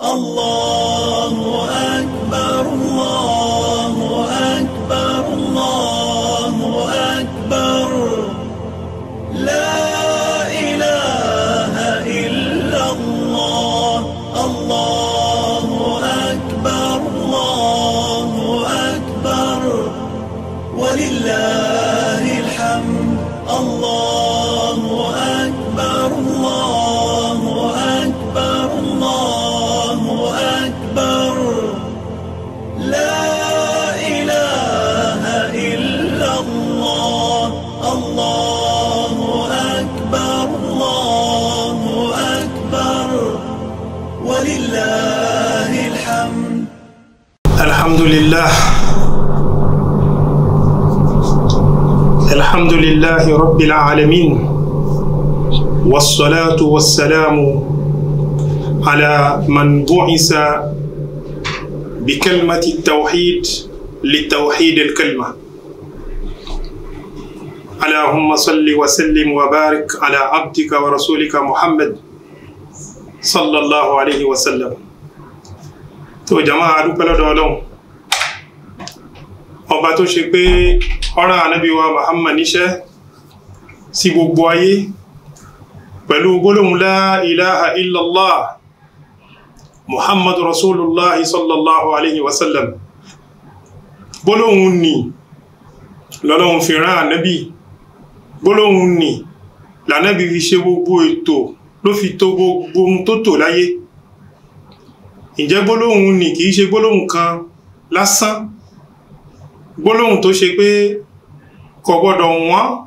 الله أكبر لله رب العالمين والصلاة والسلام على من بعث بكلمة التوحيد للتوحيد الكلمة اللهم صل وسلم وبارك على عبدك ورسولك محمد صلى الله عليه وسلم تو جماعة dúpẹ́ lọ́dọ̀ ọlọ́run ọba tó ṣe pé ọ̀ràn ànábì sí gbogbo ayé pẹ̀lú gbólóhùn la ilaha illallah muhammadu rasulullah sallallahu alaihi wasallam gbólóhùn ni lọ́lọ́hun fi rán ànábì gbólóhùn ni lànábì fi ṣe gbogbo ètò ló fi tó gbogbo ohun tó tò láyé ìjẹ́ gbólóhùn ni kìí ṣe gbólóhùn kan lásán gbólóhùn tó ṣe pé kò wọ́n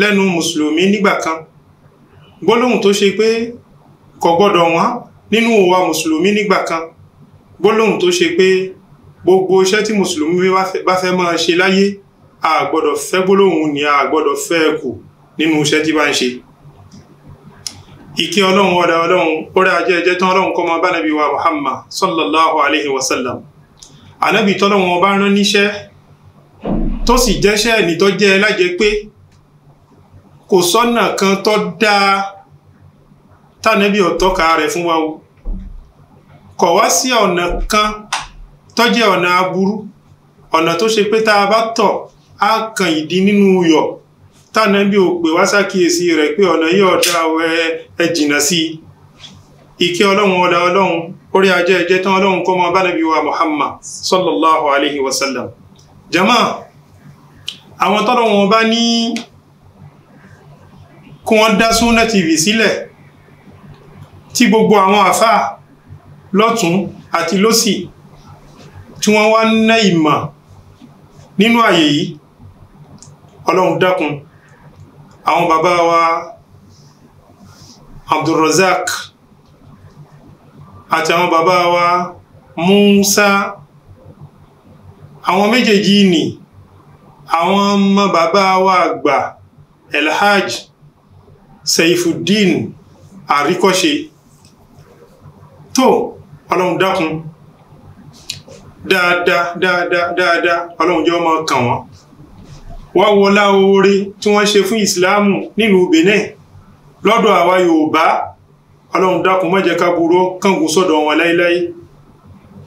lẹ́nu mùsùlùmí nígbà kan gbólóhùn tó ṣe pé kò gbọ́dọ̀ wọ́n nínú òwa mùsùlùmí nígbà kan gbólóhùn tó ṣe pé gbogbo iṣẹ́ tí mùsùlùmí bá fẹ́ máa ṣe láyé a gbọ́dọ̀ fẹ́ gbólóhùn ni a gbọ́dọ̀ fẹ́ kù nínú iṣẹ́ tí bá ń ṣe ìkí ọlọ́run ọ̀dà ọlọ́run ọ̀rẹ́ ajé ẹjẹ́ tán ọlọ́run kọ́ máa bá nàbí wa Muhammad sallallahu alayhi wa sallam ànábì tọ́lọ́run ọba rán níṣẹ́ tó sì jẹ́ṣẹ́ ẹni tó jẹ́ lájẹ́ pé kò sọ́nà kan tó dáa tánàbí ọ̀tọ́ka rẹ̀ fún wa o kọ̀ wá sí ọ̀nà kan tó jẹ́ ọ̀nà aburú ọ̀nà tó ṣe pé tá a bá tọ̀ á kan ìdí nínú yọ̀ tánàbí ò pè wá sákìyèsí rẹ̀ pé ọ̀nà yìí ọ̀dà ẹ jìnnà sí i ìkẹ́ ọlọ́run ọ̀dà ọlọ́run orí ajẹ́ ẹ̀jẹ̀ tán ọlọ́run kọ́ mọ́ abánàbí wa Muhammad sallallahu alayhi wa sallam jama àwọn tọ́lọ́run ọba ní. Ni kí wọ́n dá Sunna TV sílẹ̀ tí gbogbo àwọn àfáà lọ́tún àti lọ́sì tí wọ́n wá ná ìmọ̀ nínú àyè yìí ọlọ́run dákun àwọn bàbá wa Abdulrazak àti àwọn bàbá wa Musa àwọn méjèèjì ni àwọn ọmọ bàbá wa àgbà Elhaj Saifuddin Àríkọ́ṣe tó ọlọ́run dákun dáadáa dáadáa dáadáa ọlọ́run jẹ́ ọmọ kàn wọ́n wá wọlá oore tí wọ́n ṣe fún ìsìláàmù nílùú Benin lọ́dọ̀ àwa Yorùbá ọlọ́run dákun má jẹ́ ká burú kángun sọ́dọ̀ wọn láíláí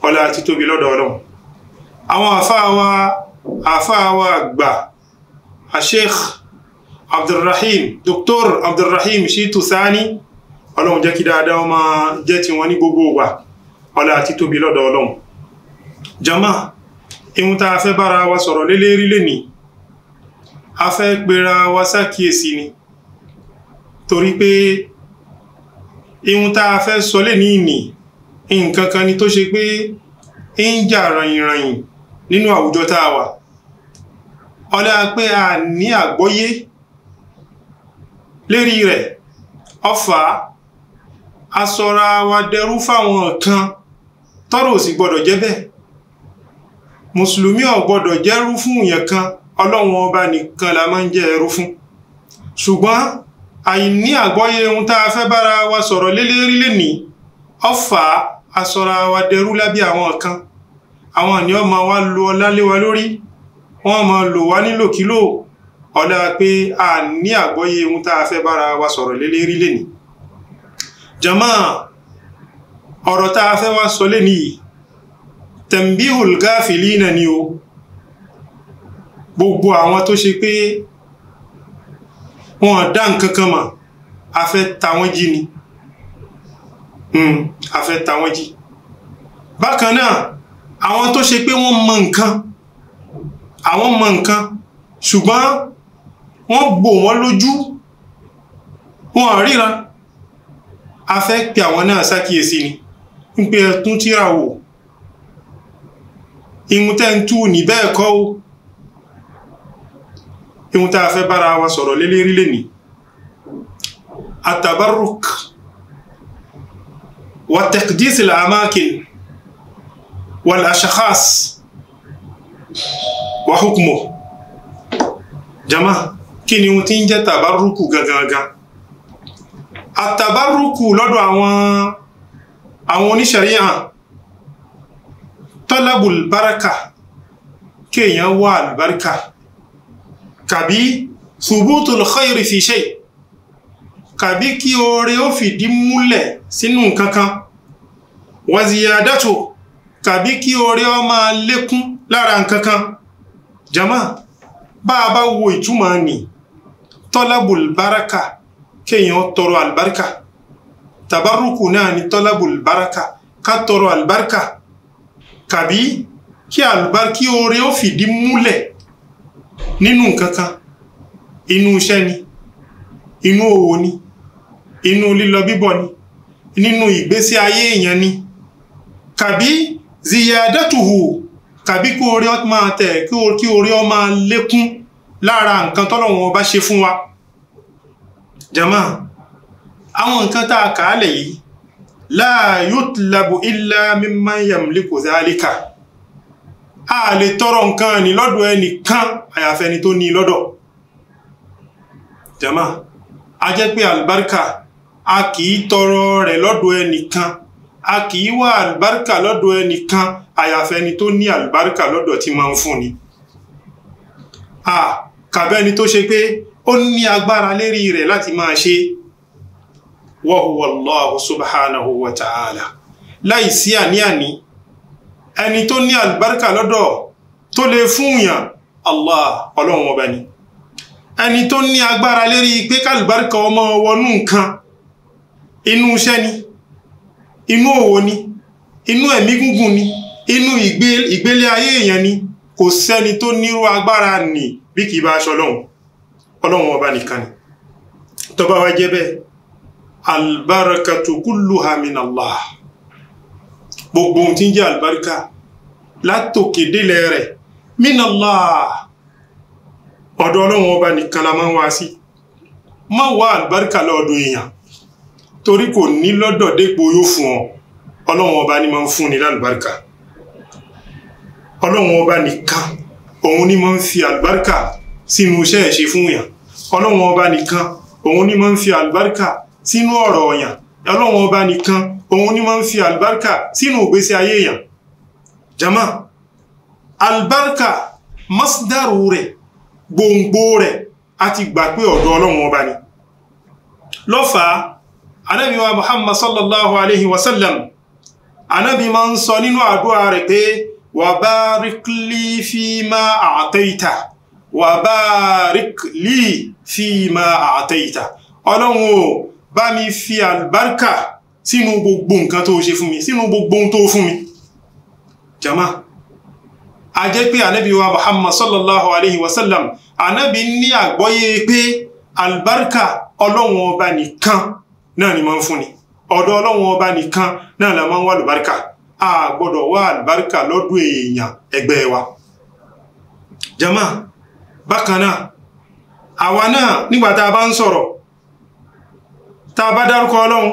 ọlá àti tóbi lọ́dọ̀ ọlọ́run àwọn àfáà wa àgbà àṣeéhì abdulrahim dr abdulrahim shitu sani ọlọ́run jẹ́ kí dáadáa ọmọ jẹ́ ti wọn ní gbogbo wa ọlá àti tóbi lọ́dọ̀ ọlọ́run jama ihun tá a fẹ́ bára wa sọ̀rọ̀ lélẹ́rí lẹ́ni a fẹ́ pera wa sákìyèsí ni torí pé ihun tá a fẹ́ sọ lẹ́ni ìní nǹkan kan ni tó ṣe pé ń jà ràyìnràyìn nínú àwùjọ tá a wà ọlá pé a ní àgbọ́yé lérí rẹ̀ ọfà asọra wa dẹrú fáwọn kan tọ́rọ̀ ò sì gbọ́dọ̀ jẹ́ bẹ́ẹ̀ mùsùlùmí ò gbọ́dọ̀ jẹ́rú fún ìyẹn kan ọlọ́run ọba nìkan la máa ń jẹ́ ẹrú fún ṣùgbọ́n àìní àgbọ́yé ohun tá a fẹ́ bára wa sọ̀rọ̀ lélẹ́rí lénìí ọfà asọra wa dẹrú lábẹ́ àwọn kan àwọn àníọ́ máa wá lo ọlá lé wa lórí wọ́n máa lò wá nílòkulò ọ̀nà pé a ní àgbọ́yé ohun tá a fẹ́ bára wa sọ̀rọ̀ lé lérí lè ní jama ọ̀rọ̀ tá fẹ́ wá sọ lé ní tẹ̀m̀bíhùl gáfìlínà ni o gbogbo àwọn tó ṣe pé wọn dá nǹkan kan mọ̀ a fẹ́ ta jí ni hmm, a fẹ́ ta wọ́n jí bákan náà àwọn tó ṣe pé wọ́n mọ nǹkan àwọn mọ nǹkan ṣùgbọ́n wọ́n gbò wọ́n lójú wọn ríran a fẹ́ pe àwọn náà ṣàkíyèsí ni ń pe ẹtún tíra wò ìhun tẹ́ ń tú ní bẹ́ẹ̀ kọ́ o ìhun tá a fẹ́ bára wa sọ̀rọ̀ lélẹ́rí lẹ́ni atabaruk wa taqdis al-amakin wal ashkhas wa jama'a kí ni ohun tí ń jẹ́ tàbárùkù gangan àtàbárùkù lọ́dọ̀ àwọn àwọn oníṣẹ̀rí hàn tọ́lábù báraka kéèyàn wá àlùbáríkà kàbí ṣùgbọ́tò lọ́kọ́ìrì fi ṣe kàbí kí oore ó fìdí múlẹ̀ sínú kankan wàzíyàdátò kàbí kí oore ó máa lékún lára nkankan jama bá a bá wo ìtumọ̀ nìí tọ́lábùl báraka kéèyàn tọrọ àlùbáríkà tàbárùkù náà ni tọ́lábùl báraka ká tọrọ àlùbáríkà kàbí kí àlùbáríkí oore ó fìdí múlẹ̀ nínú nǹkan kan inú iṣẹ́ ni inú òwò ni inú lílọ bíbọ̀ ni nínú ìgbésí ayé èèyàn ni kàbí ziyadatuhu kàbí kí oore ó máa tẹ̀ kí oore ó máa lékún lára nǹkan tọ́lọ́wọ́n ọba ṣe fún wa jama àwọn nǹkan tá a kà á lẹ̀ yìí la yutlabu illa mimman yamliku zalika a lè tọrọ nǹkan ní lọ́dọ̀ ẹnìkan àyàfẹ́ni tó ní lọ́dọ̀ jama a jẹ́ pé albarka a kìí tọrọ rẹ̀ lọ́dọ̀ ẹnìkan a kìí wá albarka lọ́dọ̀ ẹnìkan àyàfẹ́ni tó ní albarka lọ́dọ̀ tí máa ń fún ni. Ah, kàbẹ́ni tó ṣe pé ó ní agbára lérí rẹ̀ láti máa ṣe wa huwa Allahu subhanahu wa ta'ala láì sí àní-àní ẹni tó ní àlùbáríkà lọ́dọ̀ tó lè fúnyàn Allah ọlọ́run ọba ni ẹni tó ní agbára lérí pé kàlùbáríkà ọmọ wọnú nǹkan inú iṣẹ́ ni inú òwò ni inú ẹ̀mí gúngùn ni inú ìgbélé ayé èèyàn ni kò sẹ́ni tó nírú agbára nìí bí kì í bá aṣọ ọlọ́run ọlọ́run ọba nìkan ni tó bá wá jẹ́ bẹ́ẹ̀ albarakatu kulluha min Allah gbogbo ohun tí ń jẹ́ albarika látòkè délẹ̀ rẹ̀ min Allah ọ̀dọ̀ ọlọ́run ọba nìkan la máa ń wá sí má wá albarika lọ́dọ̀ èèyàn torí kò ní lọ́dọ̀ dépò yóò fún ọ ọlọ́run ọba ni máa ń fún ni lálùbáríkà ọlọ́run ọba nìkan òun ni máa ń fi àlùbáríkà sínú iṣẹ́ ìṣe fún yàn ọlọ́run ọba nìkan òun ni máa ń fi àlùbáríkà sínú ọ̀rọ̀ yàn ọlọ́run ọba nìkan òun ni máa ń fi àlùbáríkà sínú ìgbésí ayé yàn jama àlùbáríkà masdaru rẹ̀ gbòǹgbò rẹ̀ a ti gbà pé ọ̀dọ̀ ọlọ́run ọba ni lọ́fàá anábì muhammad sallallahu alayhi wa sallam anábì máa ń sọ nínú àdúrà rẹ̀ pé وبارك لي فيما أعطيت وبارك لي فيما أعطيت ọlọ́run o bá mi fi àlùbáríkà sínú gbogbo nǹkan tó ṣe fún mi sínú gbogbo ohun tó fún mi jama a jẹ́ pé anábi wa muhammad sallallahu alaihi wasallam anábi ní àgbọ́yé pé àlùbáríkà ọlọ́run ọba nìkan náà ni máa ń fún ni ọ̀dọ̀ ọlọ́run ọba nìkan náà la máa ń wá àlùbáríkà a gbọ́dọ̀ wá àlùbáríkà lọ́dún èèyàn ẹgbẹ́ wa jama bákan náà àwa náà nígbà tá a bá ń sọ̀rọ̀ tá a bá dárúkọ ọlọ́run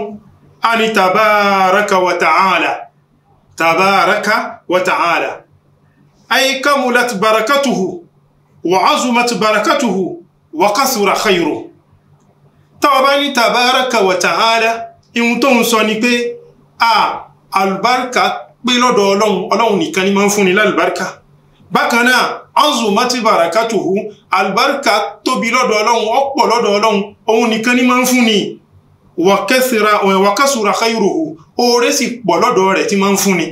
a ní tabaraka wa ta'ala tabaraka wa ta'ala barakatuhu wa azumat barakatuhu wa kasura khayruhu tá bá ní tabaraka wa ta'ala tó ń sọ ni pé a àlùbáríkà pé lọ́dọ̀ ọlọ́run ọlọ́run nìkan ni máa ń fúnni lálùbáríkà bákan náà anzu mati barakatuhu àlùbáríkà tóbi lọ́dọ̀ ọlọ́run ọ̀pọ̀ lọ́dọ̀ ọlọ́run òun nìkan ni máa ń fúnni wàkẹ́sùra eh, khairuhu oore sì pọ̀ lọ́dọ̀ rẹ̀ tí máa ń fúnni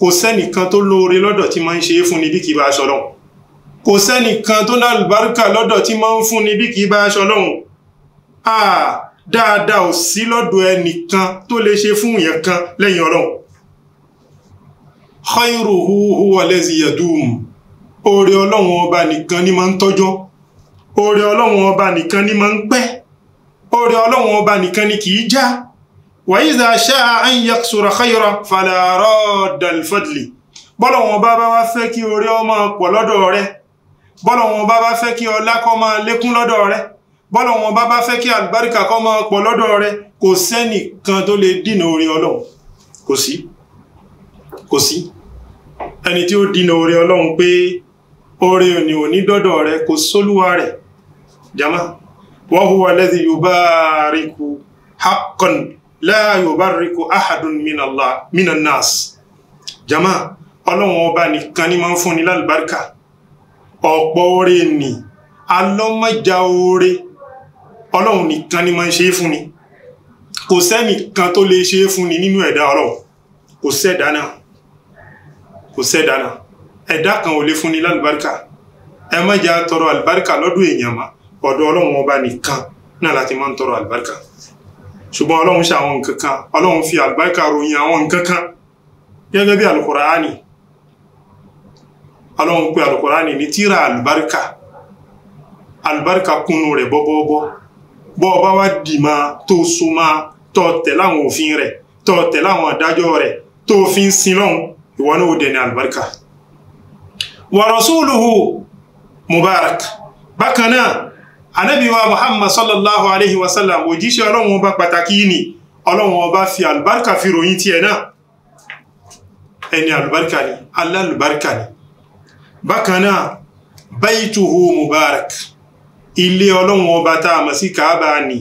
kò sẹ́nìkan tó lóore lọ́dọ̀ tí máa ń ṣe é fúnni bí kì bá aṣọ lọ́hùn kò sẹ́nìkan tó lálùbáríkà lọ́dọ̀ tí máa ń fúnni bí kì bá aṣọ lọ́hùn ah, dáadáa ò sí lọ́dọ̀ ẹnìkan tó lè ṣe fún yẹn kan lẹ́yìn ọlọ́run khayruhu huwa allazi yadum oore ọlọ́run ọba nìkan ni máa ń tọ́jọ́ oore ọlọ́run ọba nìkan ni máa ń pẹ́ oore ọlọ́run ọba nìkan ni kì í já wa iza sha'a an yaksura khayra fala radda al-fadli bọ́lọ̀wọ̀n bá bá wá fẹ́ kí oore ọmọ pọ̀ lọ́dọ̀ rẹ bọ́lọ̀wọ̀n bá bá fẹ́ kí ọlá kó máa lékún lọ́dọ̀ rẹ bọ́lọ̀ wọn bá bá fẹ́ kí àlùbáríkà kọ́ máa pọ̀ lọ́dọ̀ rẹ kò sẹ́nì kan tó lè dínà oore ọlọ́run kò sí kò sí ẹni tí ó dínà oore ọlọ́run pé oore òní òní dọ́dọ̀ rẹ kò sólúwa rẹ̀ jama wa huwa alladhi yubariku haqqan la yubariku ahadun minallah jama ọlọ́run ọba nìkan ni máa ń fúnni lálùbáríkà ọ̀pọ̀ oore nì alọ́mọjà oore ọlọ́run nìkan ni máa ń ṣe é fún ni kò sẹ́nìkan tó lè ṣe é fún ni nínú ẹ̀dá ọlọ́run kò sẹ́dá náà kò sẹ́dá náà ẹ̀dá kan ò lè fún ni lálùbáríkà ẹ má jẹ́ àtọrọ àlùbáríkà lọ́dún èèyàn mọ́ ọ̀dọ̀ ọlọ́run ọba nìkan náà láti máa ń tọrọ àlùbáríkà ṣùgbọ́n ọlọ́run ṣe àwọn nǹkan kan ọlọ́run fi àlùbáríkà ròyìn àwọn nǹkan kan gẹ́gẹ́ bí alukuraani ọlọ́run pe alukuraani ní tírà àlùbáríkà àlùbáríkà kúnnú rẹ̀ bọ́bọ́bọ́ bọ́ ọba wá dìmọ̀ tó súnmọ́ tó tẹ̀ láwọn òfin rẹ̀ tó tẹ̀ láwọn àdájọ́ rẹ̀ tó fi ń sin lọ́hùn ìwọ náà ó dẹni àlùbáríkà. wa rasuluhu mubarak bákan náà anabi wa muhammad sallallahu alayhi wa òjíṣẹ́ ọlọ́run ọba pàtàkì yìí ni ọlọ́run fi àlùbáríkà fi ròyìn tiẹ̀ náà ẹni àlùbáríkà ni alálùbáríkà ni bákan náà baytuhu mubarak ilé ọlọ́run ọba tá a mọ̀ sí kaaba ni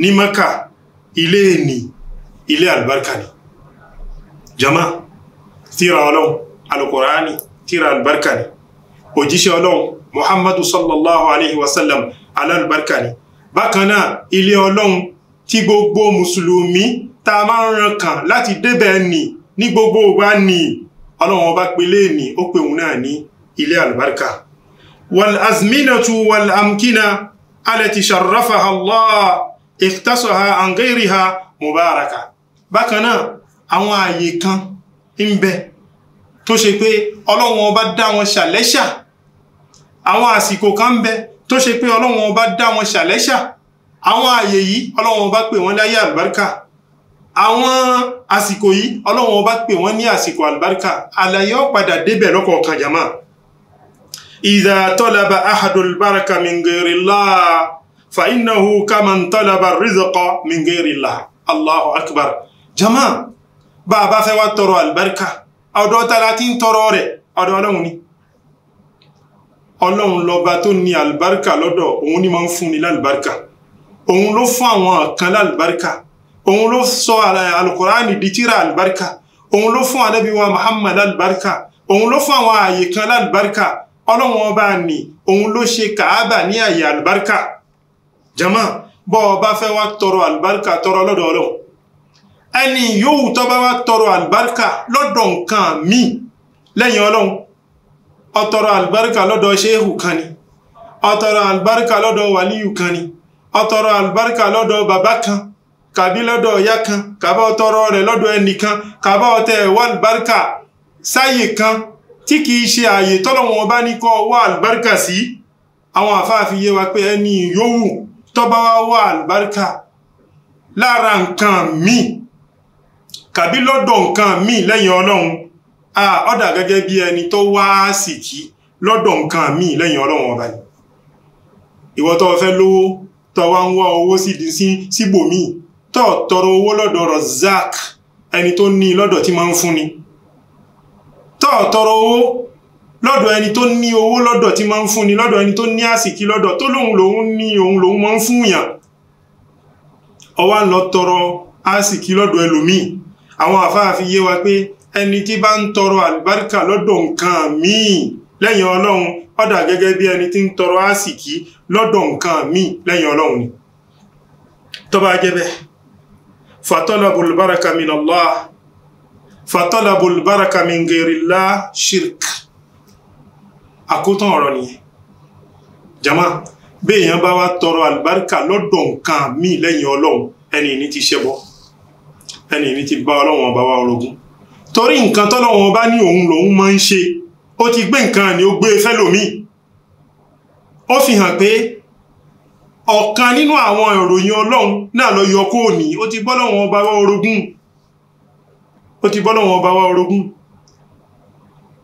ní maka ilé ni ilé albarka ni jama tírà ọlọ́run alukurani tírà albarka ni òjíṣẹ́ ọlọ́run muhammadu sallallahu alaihi wasallam alalbarka ni bákan náà ilé ọlọ́run tí gbogbo mùsùlùmí tá a máa ń ran láti débẹ̀ ni ní gbogbo wa ni ọlọ́run ọba pelé ni ó pè òun náà ní ilé albarka والأزمنة والأمكنة التي شرفها الله اختصها عن غيرها مباركة bákan náà àwọn ààyè kan ń bẹ tó ṣe pé ọlọ́run ọba dá wọn ṣàlẹ́ṣà àwọn àsìkò kan ń bẹ tó ṣe pé ọlọ́run ọba dá wọn ṣàlẹ́ṣà àwọn ààyè yìí ọlọ́run ọba pè wọ́n láyé àlùbáríkà àwọn àsìkò yìí ọlọ́run ọba pè wọ́n ní àsìkò àlùbáríkà àlàyé ó débẹ̀ lọ́kọ̀ọ̀kan jàmáà إذا طلب أحد البركة من غير الله فإنه كمن طلب الرزق من غير الله الله أكبر جماعة bàbá fẹ́ wá tọrọ àlùbáríkà ọ̀dọ̀ ta la ti ń tọrọ rẹ̀ ọ̀dọ̀ ọlọ́run ni ọlọ́run lọba tó ní àlùbáríkà lọ́dọ̀ òun ni máa ń fún ni lálùbáríkà òun ló fún àwọn kan lálùbáríkà òun ló sọ alukurani di tírà àlùbáríkà òun ló fún ànábì wa Muhammad lálùbáríkà òun ló fún àwọn ààyè kan lálùbáríkà ọlọ́run ọba ni òun ló ṣe kàábà ní àyè àlùbáríkà jama bọ́ ọba fẹ́ wá tọrọ àlùbáríkà tọrọ lọ́dọ̀ ọlọ́run ẹni yòówù tó bá wá tọrọ àlùbáríkà lọ́dọ̀ nǹkan míì lẹ́yìn ọlọ́run ó tọrọ àlùbáríkà lọ́dọ̀ ṣéhù kan ni ó tọrọ àlùbáríkà lọ́dọ̀ wàlíyù kan ni ó tọrọ àlùbáríkà lọ́dọ̀ bàbá kan kàbí lọ́dọ̀ ọ̀yá kan kàbá ó tọrọ rẹ̀ lọ́dọ̀ ẹnìkan kàbá ó ẹ̀wọ́ àlùbáríkà sáyè kan tí kìí ṣe ààyè tọ́lọ́wọ́n bá ní kọ́ wá àlùbáríkà sí àwọn àfáàfi yé wa pé ẹni yòówù tọ́ba wá wá àlùbáríkà lára nǹkan míì kàbí lọ́dọ̀ nǹkan míì lẹ́yìn ọlọ́run a ọ̀dà gẹ́gẹ́ bí ẹni tó wá àsìkí lọ́dọ̀ nǹkan míì lẹ́yìn ọlọ́run ọba yìí ìwọ tó fẹ́ lówó tó wá ń wá owó síbòmíì tó tọrọ owó lọ́dọ̀ Razak ẹni tó ní lọ́dọ̀ tí máa ń fún ni tọ́ tọrọ owó lọ́dọ̀ ẹni tó ní owó lọ́dọ̀ tí máa ń fúnni lọ́dọ̀ ẹni tó ní àsìkí lọ́dọ̀ tó lóun lòun ní òun lòun máa ń fúnyàn ó wá ń lọ tọrọ àsìkí lọ́dọ̀ ẹlòmíì àwọn àfáàfi yé wa pé ẹni tí bá ń tọrọ àlùbáríkà lọ́dọ̀ nǹkan míì lẹ́yìn ọlọ́run ó dà gẹ́gẹ́ bí ẹni tí ń tọrọ àsìkí lọ́dọ̀ nǹkan míì lẹ́yìn ọlọ́run ni tó bá jẹ́ bẹ́ẹ̀ fatọ́lá Allah fatalabul baraka min gairillah shirk àkótán ọ̀rọ̀ nìyẹn jama béèyàn bá wá tọrọ àlùbáríkà lọ́dọ̀ nǹkan míì lẹ́yìn ọlọ́run ẹni ní ti ṣẹbọ ẹni ní ti bá ọlọ́run ọba wa orogún torí nǹkan tọ́lọ́run ọba ní òun lòun máa ń ṣe ti gbé nǹkan ni ó gbé fẹ́lòmíì ó fi hàn pé ọ̀kan nínú àwọn ìròyìn ọlọ́run náà lọ yọ kóòní ó ti bọ́lọ́run ọba wa orogún ó ti bọ́lọ́run ọba wá orogún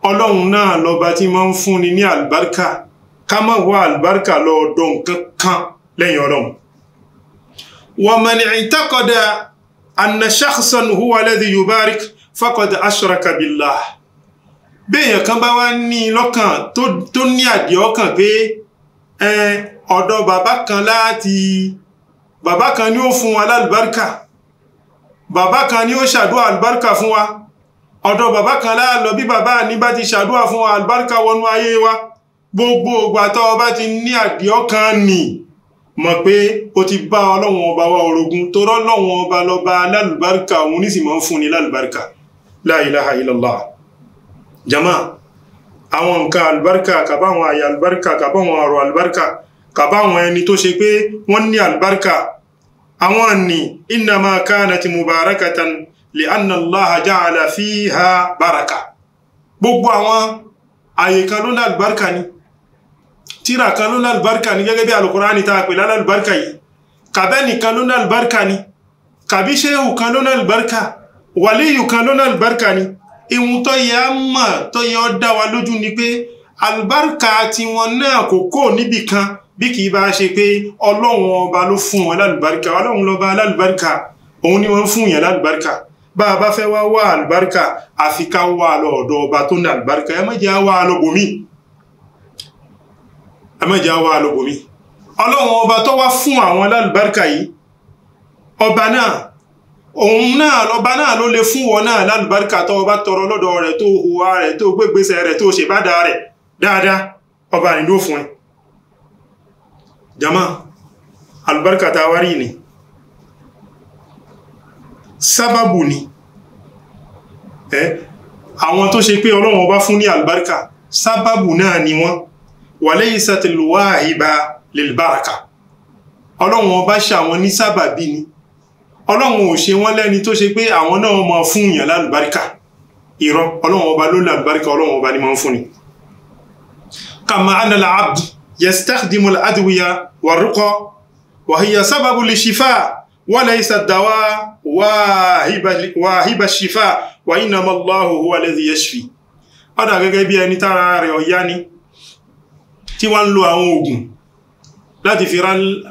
ọlọ́run náà lọba tí máa ń fúnni ní àlùbáríkà ká má wá àlùbáríkà lọ ọ̀dọ̀ nǹkan kan lẹ́yìn ọlọ́run wa man i'taqada anna huwa alladhi yubarik faqad ashraka billah béèyàn kan bá wá ní lọ́kàn tó ní àdìẹ ọkàn pé ọ̀dọ̀ bàbá kan láti bàbá kan ni ó fún wa lálùbáríkà bàbá kan ni ó ṣàdúrà àlùbáríkà fún wa ọ̀dọ̀ bàbá kan láà lọ bí bàbá ní bá ti ṣàdúrà fún wa àlùbáríkà wọnú ayé wa gbogbo ògbà tó o bá ti ní àdìọ́kan nì mọ̀ pé o ti bá ọlọ́run ọba wa orogún tó rọ́lọ́run ọba lọ́ba lálùbáríkà òun ní sì máa ń fún ni lálùbáríkà la ilaha illallah jama àwọn nǹkan àlùbáríkà kàbáwọn àyà àlùbáríkà kàbáwọn ọ̀rọ̀ àlùbáríkà kàbáwọn ẹni tó ṣe pé wọ́n ní àlùbáríkà àwọn ni innama kanati mubarakatan li anna allaha ja'ala fiha baraka gbogbo àwọn àyè kan na lálùbáríkà ni tíra kan ló lálùbáríkà ni gẹ́gẹ́ bí alukurani ta pè lálùbáríkà yìí kàbẹ́nì kan ló lálùbáríkà ni kàbí ṣéhù kan ló lálùbáríkà wàlíyù kan ló lálùbáríkà ni ìhun tó yẹ á mọ̀ tó yẹ ó ni pé kan bí kì í bá ṣe pé ọlọ́run ọba ló fún wọn lálùbáríkà ọlọ́run lọ́ba lálùbáríkà òun ni wọ́n fún yàn lálùbáríkà bá a bá fẹ́ wá wá àlùbáríkà àfi ká wá lọ ọ̀dọ̀ ọba tó ní àlùbáríkà ẹ má jẹ́ á wá lọ bòmí ẹ má jẹ́ á wá lọ bòmí ọlọ́run ọba tó wá fún àwọn lálùbáríkà yìí ọba náà òun náà lọba náà ló lè fún wọn náà lálùbáríkà tó ọba tọrọ lọ́dọ̀ rẹ̀ tó hùwà rẹ̀ tó gbégbèsè rẹ̀ tó ṣèbádà rẹ̀ dáadáa ọba nìdó fún ẹ jama albarka ta wá rí ni sábàbù ni eh? àwọn tó ṣe pé ọlọ́run ọba fún ní albarka sábàbù náà ni wọ́n wà lẹ́yìn sátìlúwà ìbá lèlbáraka ọlọ́run ọba ṣàwọn ní sábàbí ni ọlọ́run ò ṣe wọ́n lẹ́ni tó ṣe pé àwọn náà máa fún yàn lálùbáríkà irọ́ ọlọ́run ọba ló lálùbáríkà ọlọ́run ọba ni máa ń fún ni kàmá anala abdu يستخدم الأدوية والرقى وهي سبب للشفاء وليس الدواء واهب واهب الشفاء وإنما الله هو الذي يشفي هذا gẹ́gẹ́ bí ẹni tára rẹ̀ ọ̀yá ni tí wọ́n ń lo àwọn oògùn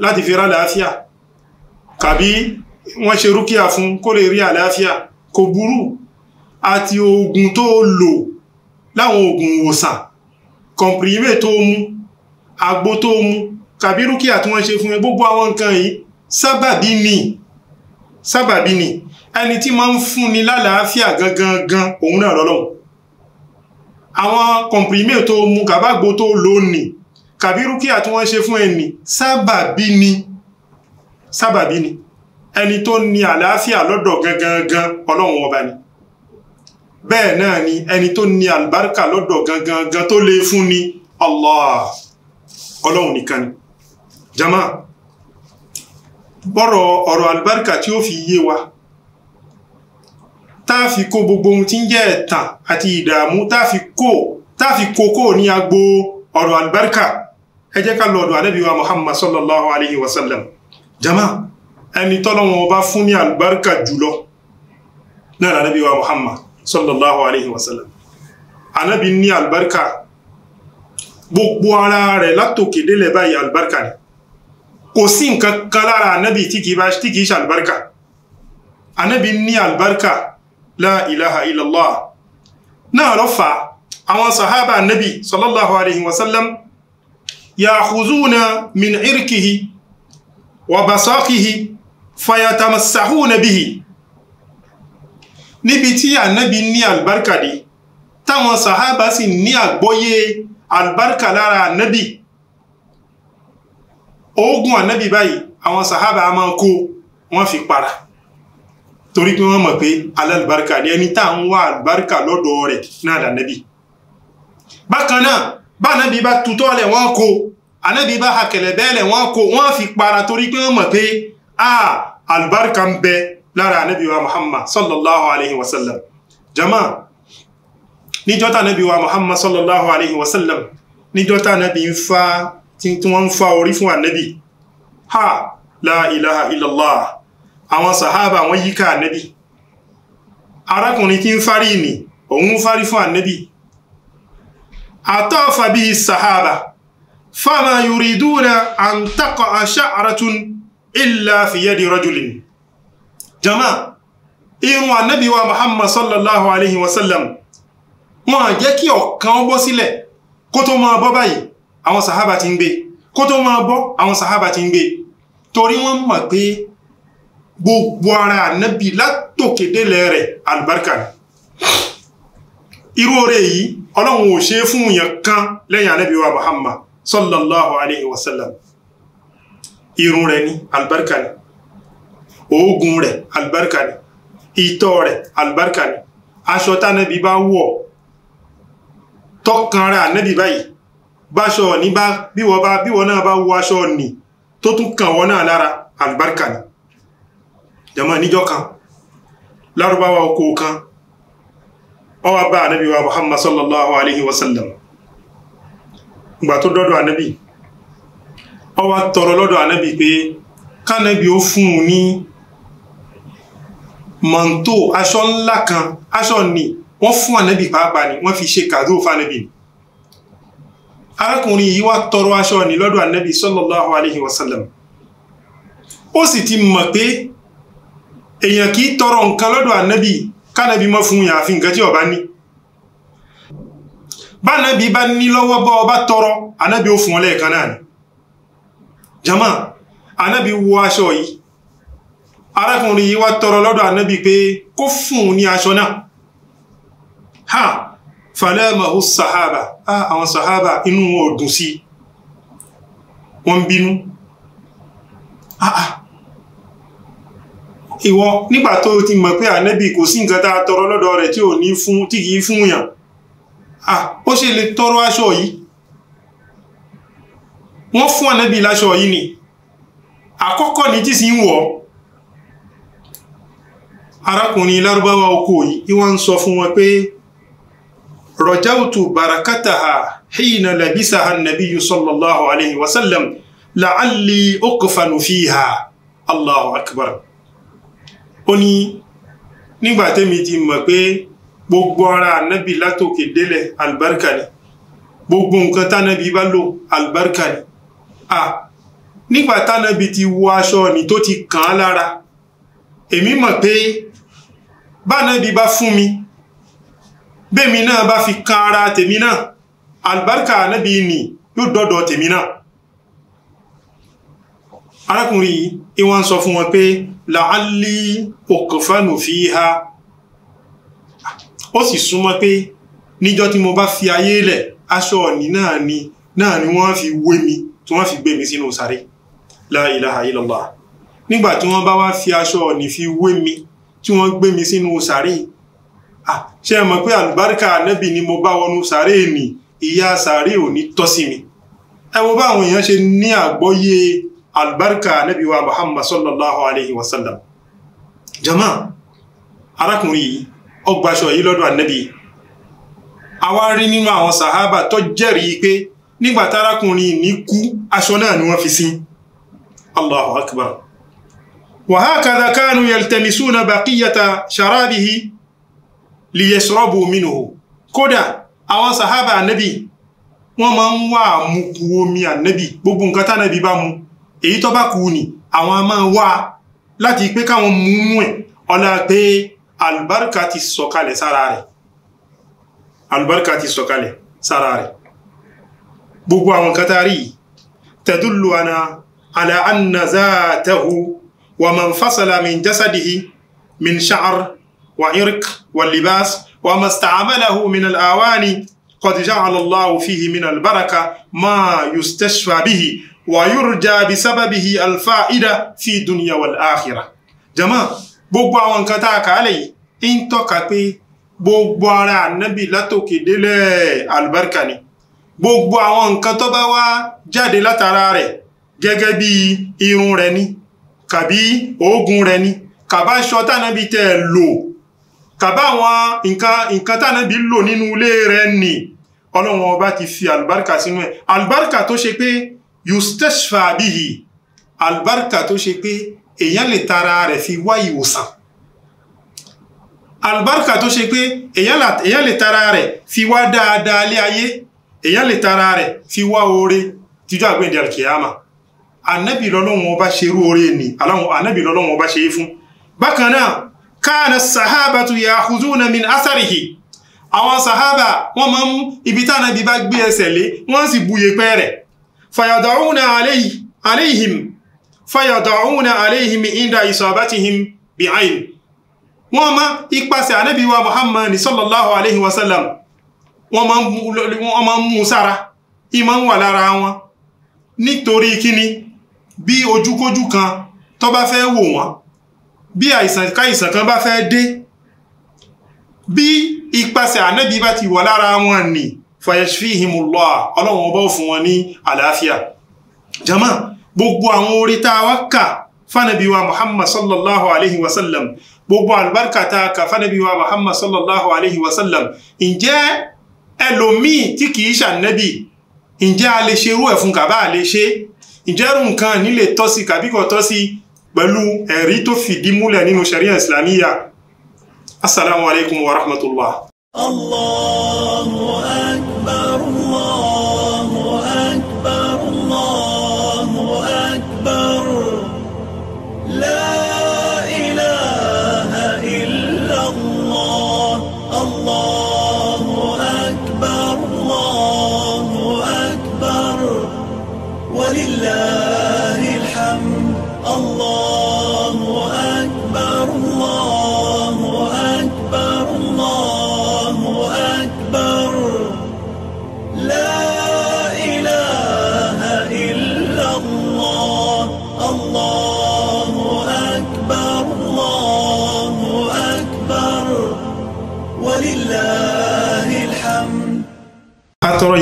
láti fi rá àlàáfíà kàbí wọ́n ṣe rúkíà fún kó lè rí àlàáfíà kò burú àti oògùn tó lò láwọn oògùn ìwòsàn kọ̀mprimé tó mú àgbo tó mu tàbí rúkìá tí wọ́n ṣe fún ẹ gbogbo àwọn nǹkan yìí sábàbí ni sábàbí ni ẹni tí máa ń fúnni lálàáfíà gangan gan òun náà lọ́lọ́run àwọn kọ̀m̀pìmẹ̀ tó mu kàbágbo tó lò ní kàbí rúkìá tí wọ́n ṣe fún ẹni sábàbí ni sábàbí ni ẹni tó ní àlàáfíà lọ́dọ̀ gangan ọlọ́run ọba ni bẹ́ẹ̀ náà ni ẹni tó ní àlùbáríkà lọ́dọ̀ gangan tó lè fún ni Allah ọlọ́run nìkan ni jama bọ́rọ̀ ọ̀rọ̀ albarka tí ó fi yé wa tá a fi kó gbogbo ohun tí ń jẹ́ ẹ̀tàn àti ìdààmú tá fi kó kó ní agbo ọ̀rọ̀ àlùbáríkà ẹ ká lọ́dọ̀ ànábì muhammad sallallahu alayhi wa sallam jama ẹni tọ́lọ́wọ́n ọba fún ní àlùbáríkà jùlọ náà ànábì muhammad sallallahu alayhi wa sallam ànábì ní àlùbáríkà gbogbo ara rẹ̀ látòkè délẹ̀ báyìí àlùbáríkà ni kò sí nǹkan kan lára ànábì tí kì í ṣe àlùbáríkà ànábì ní àlùbáríkà la ilaha illallah náà lọ fà àwọn sahaba ànábì sallallahu alayhi wa sallam ya'khuzuna min irkihi wa basaqihi fayatamassahuna bihi níbi tí ànábì ní àlùbáríkà dé táwọn sahaba sì ní àgbọ́yé albarka lára ànábì oògùn ànábì báyìí àwọn sàhábà a máa kó wọ́n fi para torí pé wọ́n mọ̀ pé alálùbáríkà ni ẹni tá à ń wá àlùbáríkà lọ́dọ̀ rẹ̀ náà lànábì bákan náà bá ànábì bá tutọ́ lẹ̀ wọ́n kó ànábì bá hakẹ̀lẹ̀ bẹ́ẹ̀ lẹ̀ wọ́n kó wọ́n fi para torí pé wọ́n mọ̀ pé a àlùbáríkà ń bẹ lára ànábì wa Muhammad sallallahu alayhi wa jama níjọ́ tá nàbí wa muhammad sallallahu alayhi wa sallam níjọ́ tá nàbí ń fa tí wọ́n ń fa orí fún ànábì ha la ilaha illallah àwọn sàhábà wọ́n yíká ànábì arákùnrin tí ń fárí ni òun ń fárí fún ànábì àtọ́fà bíi sàhábà fama yuriduna an taqa'a sha'ratun illa fi yadi rajulin jama irun ànábì wa muhammad sallallahu alayhi wa wọn à jẹ́ kí ọ̀kan bọ́ sílẹ̀ kó tó máa bọ́ báyìí àwọn sàhábà ti ń gbé kó tó máa bọ́ àwọn sàhábà ti ń gbé torí wọ́n mọ̀ pé gbogbo ara ànábì látòkèdélẹ̀ rẹ̀ àlùbáríkà irú oore yìí ọlọ́run ò ṣe é fún èèyàn kan lẹ́yìn ànábì wa Muhammad sallallahu alayhi wa sallam irun rẹ̀ ni àlùbáríkà ni òógùn rẹ̀ àlùbáríkà ni ìtọ̀ rẹ̀ àlùbáríkà ni aṣọ tánàbí bá wọ̀ tọkàn ra ànábì báyìí báṣọ ọ̀ní bá bíwọ bá bíwọ náà bá wọ aṣọ ọ̀nì tó tún kàn wọ náà lára àlùbáríkà ni jàmọ́ níjọ́ kan lárúbáwá oko kan ó bá ànábì wa muhammad sallallahu alaihi wasallam ìgbà tó dọ́dọ̀ ànábì ó wá tọrọ lọ́dọ̀ ànábì pé kánábì ó fún un ní mọ̀ntó aṣọ ńlá kan aṣọ nìí wọ́n fún ànábì pàápàá ni wọ́n fi ṣe kàdó fànábì ni arákùnrin yìí wá tọrọ aṣọ ni lọ́dọ̀ ànábì sallallahu alaihi wasallam ó sì ti mọ̀ pé èèyàn kì í tọrọ nǹkan lọ́dọ̀ ànábì kánábì mọ́ fún yàn àfi nǹkan tí ó bá ní bánábì bá ní lọ́wọ́ bọ́ ọba tọrọ ànábì ó fún ọ lẹ́ẹ̀kan náà ni jama ànábì wọ aṣọ yìí arákùnrin yìí wá tọrọ lọ́dọ̀ ànábì pé kó fún un ní aṣọ náà ha falamahu sahaba ah àwọn sahaba inú wọn ò dùn sí wọ́n bínú ah ah ìwọ nígbà tó ti mọ̀ pé ànẹ́bì kò sí nǹkan tá tọrọ lọ́dọ̀ rẹ̀ tí ò ní fún tí kìí fún yàn ah ó ṣe lè tọrọ aṣọ yìí wọ́n fún ànẹ́bì láṣọ yìí ni àkọ́kọ́ ni tí sì ń wọ̀ arákùnrin lárúbáwá oko yìí wọ́n ń sọ fún wọn pé رجوت بركتها حين لبسها النبي صلى الله عليه وسلم لعلي أقفن فيها الله أكبر ó ní nígbà tẹ́mi ti mọ̀ pé gbogbo ara ànábì látòkè délẹ̀ albarka ni gbogbo nǹkan tánábì bá lò albarka ni à nígbà tánábì ti wọ aṣọ ni tó ti kàn án lára èmi mọ̀ pé bánábì bá fún mi bẹ́ẹ̀mi náà bá fi kan ara tèmi náà àlùbáríkà anábì ni yóò dọ́dọ̀ tèmi náà arákùnrin yìí ìwọ̀n sọ fún wọn pé làálí òkànfàánù fi ha ó sì súnmọ́ pé níjọ́ tí mo bá fi ayé lẹ̀ aṣọ ọ̀nì náà ni náà ni wọ́n fi wé mi tí wọ́n fi gbé mi sínú sáré la ilaha illallah nígbà tí wọ́n bá wá fi aṣọ ọ̀nì fi wé mi tí wọ́n gbé mi sínú sáré Ah, ṣé ẹ mọ̀ pé àlùbáríkà ànábì ni mo bá wọnú sàárè mi ìyà sàárè ò ní tọ́ sí mi ẹ wo báwọn èèyàn ṣe ní àgbọ́yé àlùbáríkà ànábì wa Muhammad sallallahu alayhi wa sallam jama arákùnrin yìí ó gbaṣọ yìí lọ́dọ̀ ànábì àwa rí nínú àwọn sàhábà tó jẹ́rìí pé nígbà tárákùnrin ní kú aṣọ náà ni wọ́n fi sin Allahu akbar wa hakadha kanu yaltamisuna baqiyata sharabihi liyashrabu minhu kódà àwọn sàhábà ànábì wọ́n máa ń wá àmukù omi ànábì gbogbo nǹkan tánàbì bá mu èyí tó bá kù ni àwọn máa wá láti pé káwọn mú mú ẹ̀ ọlá pé àlùbáríkà ti sọ̀kalẹ̀ sára rẹ̀ àlùbáríkà ti sọ̀kalẹ̀ sára rẹ̀ gbogbo àwọn nǹkan tá a rí yìí tadullu ana ala anna min jasadihi min sha'ar وعرق واللباس وما استعمله من الآوان قد جعل الله فيه من البركة ما يستشفى به ويرجى بسببه الفائدة في الدنيا والآخرة جماعة gbogbo àwọn nǹkan tá a kà á lè yìí ń tọ́ka pé gbogbo ara ànábì látòkè délẹ̀ àlùbáríkà ni gbogbo àwọn nǹkan tó bá wá jáde látara rẹ̀ gẹ́gẹ́ bí irun rẹ̀ ni kàbí òógùn rẹ̀ ni kàbáṣọ tànábì tẹ̀ lò kàbá àwọn nǹkan nǹkan tánàbí lò nínú ilé rẹ̀ nì ọlọ́run ọba ti fi àlùbáríkà sínú ẹ̀ àlùbáríkà tó ṣe pé yustashfa bihi àlùbáríkà tó ṣe pé èèyàn lè tara rẹ̀ fi wá ìwòsàn àlùbáríkà tó ṣe pé èèyàn lè tara rẹ̀ fi wá dáadáa lé ayé èèyàn lè tara rẹ̀ fi wá oore tíjọ́ àgbẹ̀dẹ̀ alkiyama anabi lọ́lọ́run ọba ṣerú oore ni aláwọn anabi lọ́lọ́run ọba ṣe é fún bákan náà kana sahabatu ya'khuduna min atharihi àwọn sahaba wọ́n máa ń ibi táwọn ibi bá gbé ẹsẹ̀ lé wọ́n sì bu yèpẹ̀ rẹ̀ fayada'una alayhim fayada'una alayhim inda isabatihim bi'ayn wọ́n máa ipasẹ̀ ànábì wa Muhammad sallallahu alayhi wa sallam wọ́n máa ń mú sára ìmọ̀ ń wà lára wọn nítorí kíni bí ojúkójú kan tó bá fẹ́ wò wọ́n bí àìsàn káìsàn kan bá fẹ́ dé bí ipasẹ̀ ànábì bá ti wà lára wọn ni fayashfihimullah ọlọ́run ọba ò fún wọn ní àlàáfíà jama gbogbo àwọn orí tá a wá kà fánàbí wa muhammad sallallahu alaihi wasallam gbogbo albarka tá a kà fánàbí wa muhammad sallallahu alaihi wasallam ǹjẹ́ ẹlòmíì tí kìí ṣànábì ǹjẹ́ a lè ṣerú ẹ̀ fún kàbá a lè ṣe ǹjẹ́ rú nǹkan nílé tọ́sí kàbíkọ̀ tọ́sí بلو ريتو في ديمو لاني شريعة إسلامية السلام عليكم ورحمة الله الله أكبر الله أكبر الله أكبر لا إله إلا الله الله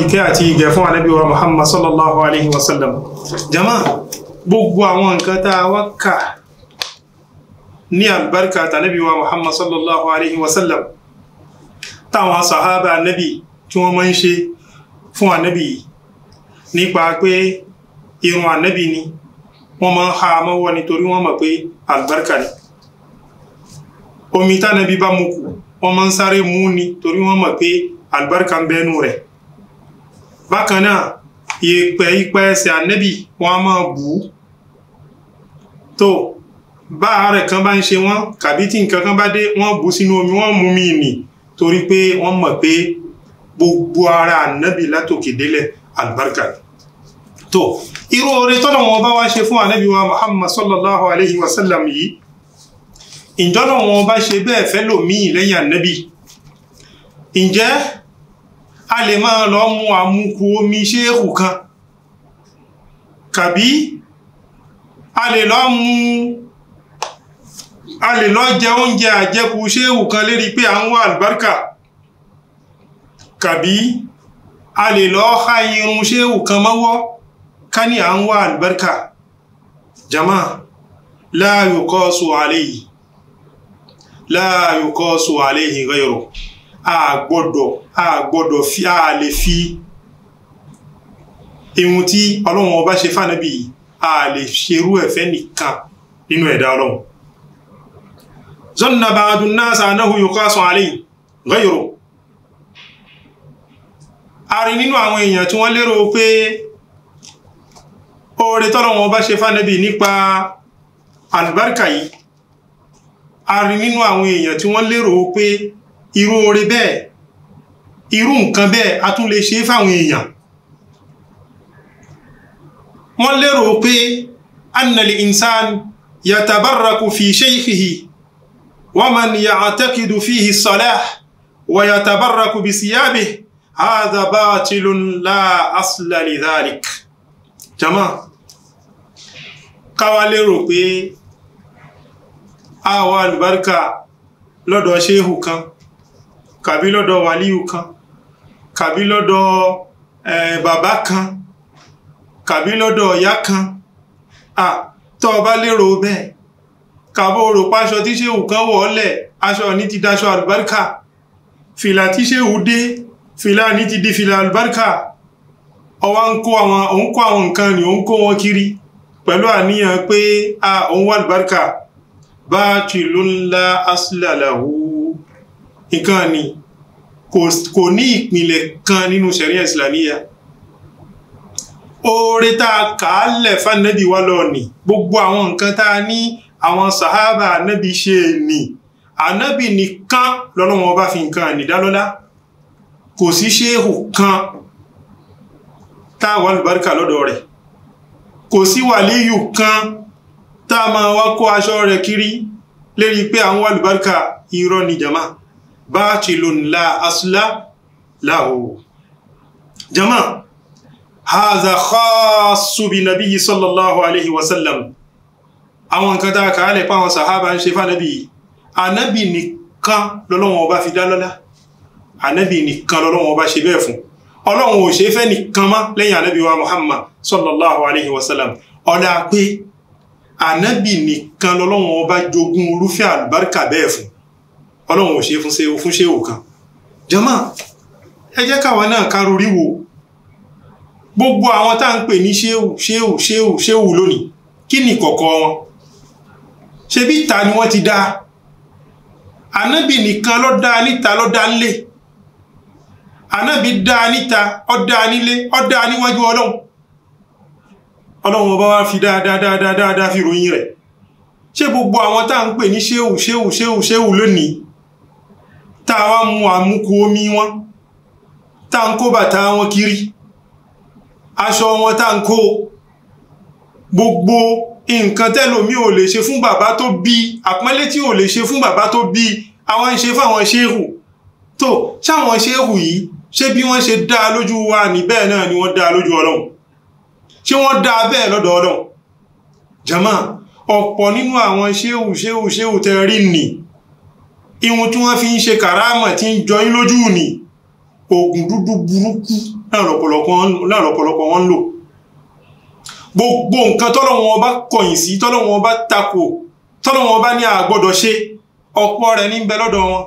ìkẹ́ àti ìgẹ̀ fún ànábì wa Muhammad sallallahu alaihi wasallam jama gbogbo àwọn nǹkan tá a wá kà ní àbáríkà tànábì wa Muhammad sallallahu alaihi wasallam táwọn sàhábà ànábì tí wọ́n máa ń ṣe fún ànábì nípa pé irun ànábì ni wọ́n máa ń ha mọ́wọ́ nítorí wọ́n mọ̀ pé àlùbáríkà ni omi tánàbí bá mu kù wọ́n máa ń sáré mú ni torí wọ́n mọ̀ pé àlùbáríkà ń bẹ́nu rẹ̀ bákan náà ìpẹ́ ìpẹ́ ẹsẹ̀ ànẹ́bì wọ́n á máa bù ú tó bá àárẹ̀ kan bá ń ṣe wọ́n kàbí tí nǹkan kan bá dé wọ́n bù sínú omi wọ́n mú mi nì torí pé wọ́n mọ̀ pé gbogbo ara ànẹ́bì látòkè délẹ̀ àlùbáríkà tó irú oore tọ́nà wọn bá wá ṣe fún ànẹ́bì wa Muhammad sallallahu alayhi wa sallam yìí ìjọ́nà wọn bá ṣe bẹ́ẹ̀ fẹ́ lòmíì lẹ́yìn ànẹ́bì ǹjẹ́ a lè máa lọ mú àmukù omi ṣéèkù kan kàbí a lè lọ mú a lè lọ jẹ oúnjẹ àjẹkù ṣéèkù kan lérí pé à ń wá àlùbáríkà kàbí a lè lọ ha irun ṣéèkù kan mọ́wọ́ ká ní à ń wá àlùbáríkà jama la yuqasu alayhi la yuqasu alayhi ghayru a gbọ́dọ̀ a gbọ́dọ̀ fi a lè fi ihun tí ọlọ́run ọba ṣe fànàbí yìí a lè ṣerú ẹ̀fẹ́ nìkan nínú ẹ̀dá ọlọ́run zanna ba'du an-nas annahu yuqasu alayhi ghayru a rí nínú àwọn èèyàn tí wọ́n lérò pé oore tọ́lọ́run ọba ṣe fànàbí nípa albarka yìí a rí nínú àwọn èèyàn tí wọ́n lérò pé irú oore bẹ́ẹ̀ irú nǹkan bẹ́ẹ̀ a tún lè ṣe fáwọn èèyàn wọ́n lérò pé annali insan yatabarraku fi shaykhihi wa man ya'taqidu fihi salah wa yatabarraku bi siyabihi hadha batilun la asla li dhalik jama káwa lérò pé àwa àlùbáríkà lọ́dọ̀ ṣéhù kan kàbí lọ́dọ̀ wàlíù kan kàbí lọ́dọ̀ eh, bàbá kan kàbí lọ́dọ̀ ọ̀yá kan à tọ́ ọ bá lérò bẹ́ẹ̀ kàbó rò páṣọ tí ṣéwù kan wọ̀ ọ́lẹ̀ aṣọ ní ti daṣọ àlùbáríkà fìlà tí ṣéwù dé fìlà ní ti di fìlà àlùbáríkà ọwá ń kó àwọn òun kó àwọn nǹkan ni òun kó wọn kiri pẹ̀lú àníyàn pé a òun wà àlùbáríkà bá tìlú ńlá asílàlàwò nǹkan ni kò ní ìpìlẹ̀ kan nínú sẹ̀ríà ìsìlámíyà oore tá a kà á lẹ̀ fánàbí wa lọ nì gbogbo àwọn nǹkan tá a ní àwọn sàhábà ànábì ṣe nì ànábì nìkan lọ́lọ́wọ́n bá fi nǹkan nìdálọ́lá kò sí ṣéhù kan tá a wà lùbáríkà lọ́dọ̀ rẹ̀ kò sí wàlíyù kan tá máa wá kó aṣọ rẹ̀ kiri lérí pé àwọn wà lùbáríkà irọ́ ni jama báàtìlùn la asla láhù jama haza khassu bi nabiyyi sallallahu alaihi wasallam àwọn nǹkan tàà kàálẹ̀ pàwọn sàhábà ń ṣe fánàbí anábì nìkan lọ́lọ́wọ́n ọba fi dá lọ́lá anábì nìkan lọ́lọ́wọ́n ọba ṣe bẹ́ẹ̀ fún ọlọ́run ò ṣe fẹ́ nìkan mọ́ lẹ́yìn anábì wa muhammad sallallahu alaihi wasallam ọ̀dà pé anábì nìkan lọ́lọ́wọ́n ọba jogún irúfẹ́ àlùbáríkà bẹ́ẹ̀ fún ọlọ́run ò ṣe fún ṣe fún ṣe òkan jama ẹ jẹ́ káwa náà ká rorí wo gbogbo àwọn tá à ń pè ní ṣéwù ṣéwù ṣéwù ṣéwù lónìí kí ni kọ̀kọ̀ wọn ṣebí ta ni wọ́n ti dá ànábì nìkan ló da níta ló dá nílé ànábì dá níta ó dá nílé ó dá níwájú ọlọ́run ọlọ́run ọba wa fi dáadáa dáadáa dáadáa fi ròyìn rẹ̀ ṣé gbogbo àwọn tá à ń pè ní ṣéwù ṣéwù ṣéwù ṣéwù lónìí tá a wá mu àmúkù omi wọn tá bàtà wọn kiri aṣọ wọn tá a ń kó gbogbo nǹkan tẹ́lòmí ò lè ṣe fún bàbá tó bí àpọ́nlé tí ò lè ṣe fún bàbá tó bí àwọn ń ṣe fáwọn ṣéhù tó ṣáwọn ṣéhù yìí ṣé bí wọ́n ṣe dáa lójú wa ní bẹ́ẹ̀ náà ni wọ́n dáa lójú ọlọ́run ṣé wọ́n dáa bẹ́ẹ̀ lọ́dọ̀ ọlọ́run jama ọ̀pọ̀ nínú àwọn ṣéhù ṣéhù ṣéhù tẹ́ rí nìí iwu tí wọ́n fi ń ṣe kàráàmọ̀ tí ń jọ lójú ni oògùn dúdú burúkú náà wọ́n ń lò gbogbo nǹkan tọ́lọ̀ wọn bá kọ̀yìn sí tọ́lọ̀ wọn bá takò tọ́lọ̀ wọn bá ní àgbọ́dọ̀ ṣe ọ̀pọ̀ rẹ̀ ní bẹ lọ́dọ̀ wọn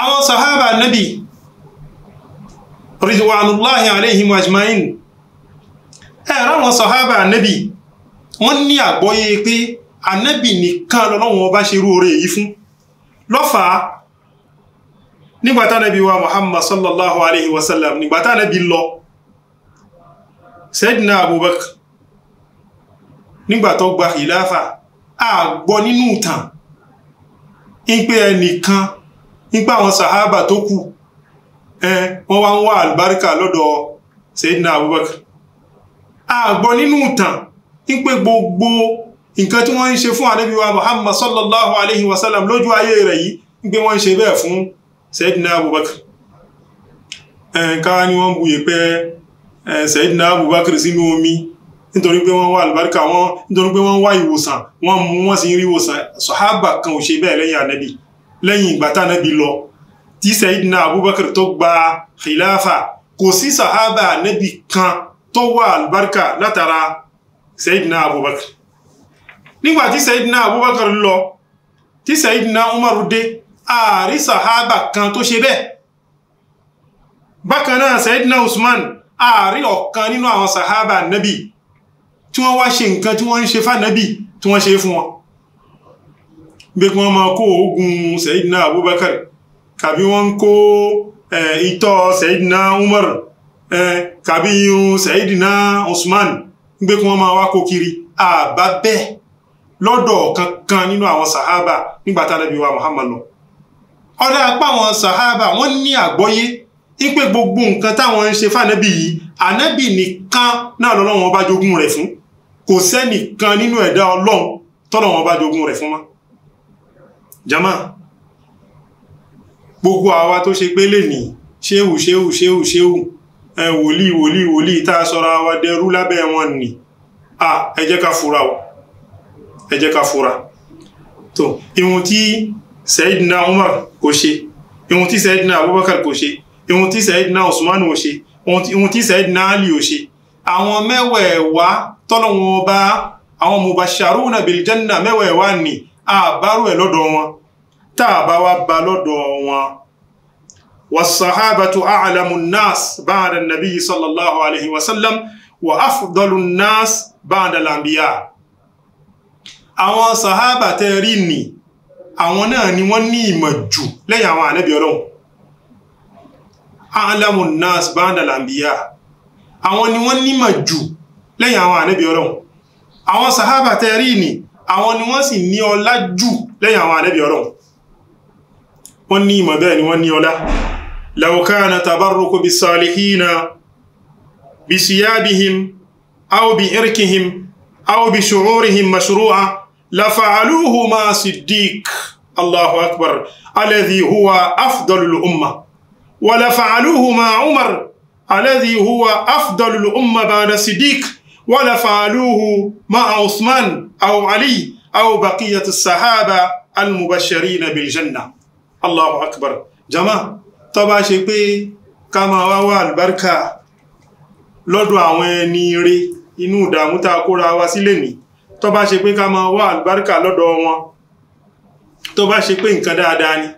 àwọn sàhábà nábì ridwanullahi alayhim ajma'in ẹ̀rọ àwọn sàhábà nábì wọ́n ní àgbọ́yé pé ànábì nìkan lọ́lọ́wọ́n ọba ṣe rú oore yìí fún lọ́fàá nígbàtá nàbí wa muhammad sallallahu alayhi wa sallam nígbàtá nàbí lọ sayyidina abubakar nígbàtó gba khilafa àgbọ́ nínú ìtàn ń pé ẹnìkan nípa àwọn sàhábà tó kù ẹ wọ́n wá ń wá àlùbáríkà lọ́dọ̀ Sayyidina Abubakar àgbọ̀ nínú ìtàn nípe gbogbo nǹkan tí wọ́n ń ṣe fún ànábì wa Muhammad sallallahu alayhi wa sallam lójú ayé rẹ̀ yìí nípe wọ́n ń ṣe bẹ́ẹ̀ fún Sayyidina Abubakar káwá ni wọ́n buyè pé Sayyidina Abubakar sínú omi nítorí pé wọ́n wá àlùbáríkà wọn nítorí pé wọ́n wá ìwòsàn wọ́n mú wọ́n sì ń rí ìwòsàn sàhábà kan ò ṣe bẹ́ẹ̀ lẹ́yìn ànábì lẹ́yìn ìgbà tá nábì lọ tí sayidina abubakar tó gba khilafa kò sí sahaba nábì kan tó wà albarka látara sayidina abubakar nígbà tí sayidina abubakar lọ tí sayidina umar dé ààrí sahaba kan tó ṣe bẹ́ẹ̀ bákan náà sayidina usman ààrí ọ̀kan nínú àwọn sahaba nábì tí wọ́n wá ṣe nǹkan tí wọ́n ń ṣe fánábì tí wọ́n ṣe fún wọn bí wọ́n máa kó oògùn Sayyidina Abubakar kàbí wọ́n kó eh, itọ́ Sayyidina Umar eh, kàbí irun Usman gbé kí wọ́n máa wá kó kiri àbá bẹ́ẹ̀ lọ́dọ̀ kankan nínú àwọn sàhábà nígbà tá Ànábì wa Muhammad lọ ọ̀dà apá àwọn sàhábà wọ́n ní àgbọ́yé ipe gbogbo nǹkan táwọn ń ṣe fànẹ́bì yìí ànẹ́bì nìkan náà lọ́lọ́wọ́n bá jogún rẹ̀ fún kò sẹ́nìkan nínú ẹ̀dá ọlọ́run tọ́lọ́wọ́n bá jogún rẹ̀ fún mọ́ jama gbogbo àwa tó ṣe pé lè ní ṣéhù ṣéhù ṣéhù ṣéhù ẹ wòlíì wòlíì wòlíì tá a sọra wa dẹrú lábẹ́ wọn nì à ẹ jẹ́ ká fura o ẹ jẹ́ ká fura tó ìhun tí Sayyidina Umar kò ṣe ìhun tí Sayyidina Abubakar kò ṣe ìhun tí Sayyidina Usman ò ṣe ohun tí Sayyidina Ali ò ṣe àwọn mẹ́wẹ̀ẹ̀wá tọ́lọ́wọ́n bá àwọn mubashsharuna bil janna mẹ́wẹ̀ẹ̀wá nì àbárò ẹ̀ lọ́dọ̀ wọn tá a bá wá ba lọ́dọ̀ wọn wasahabatu a'lamu nas ba'da nabiyyi sallallahu alayhi wa sallam wa afdalu nas ba'da lambiya àwọn sahaba tẹ́ rí ni àwọn náà ni wọ́n ní ìmọ̀ jù lẹ́yìn àwọn ànábì Ọlọ́run àwọn ni wọ́n sì ní ọlá jù lẹ́yìn àwọn ànábì ọlọ́run wọ́n ní ìmọ̀ bẹ́ẹ̀ ni wọ́n oro won ni imo bee ọlá law kana tabarruku bisalihina bisiyabihim aw bi irkihim aw bi shu'urihim mashru'a lafa'aluhu ma siddiq allahu akbar alladhi huwa afdalul umma wa lafa'aluhu ma umar alladhi huwa afdalul umma ba'da siddiq ولا فعلوه مع عثمان أو علي أو بقية الصحابة المبشرين بالجنة الله أكبر جماعة tọ́ba ṣe pé ká máa wá wá àlùbáríkà lọ́dọ̀ àwọn ẹni rere inú ìdààmú tá a kóra wa sílẹ̀ ní tọ́ba ṣe pé ká máa wá àlùbáríkà lọ́dọ̀ wọn tọ́ba ṣe pé nǹkan dáadáa ni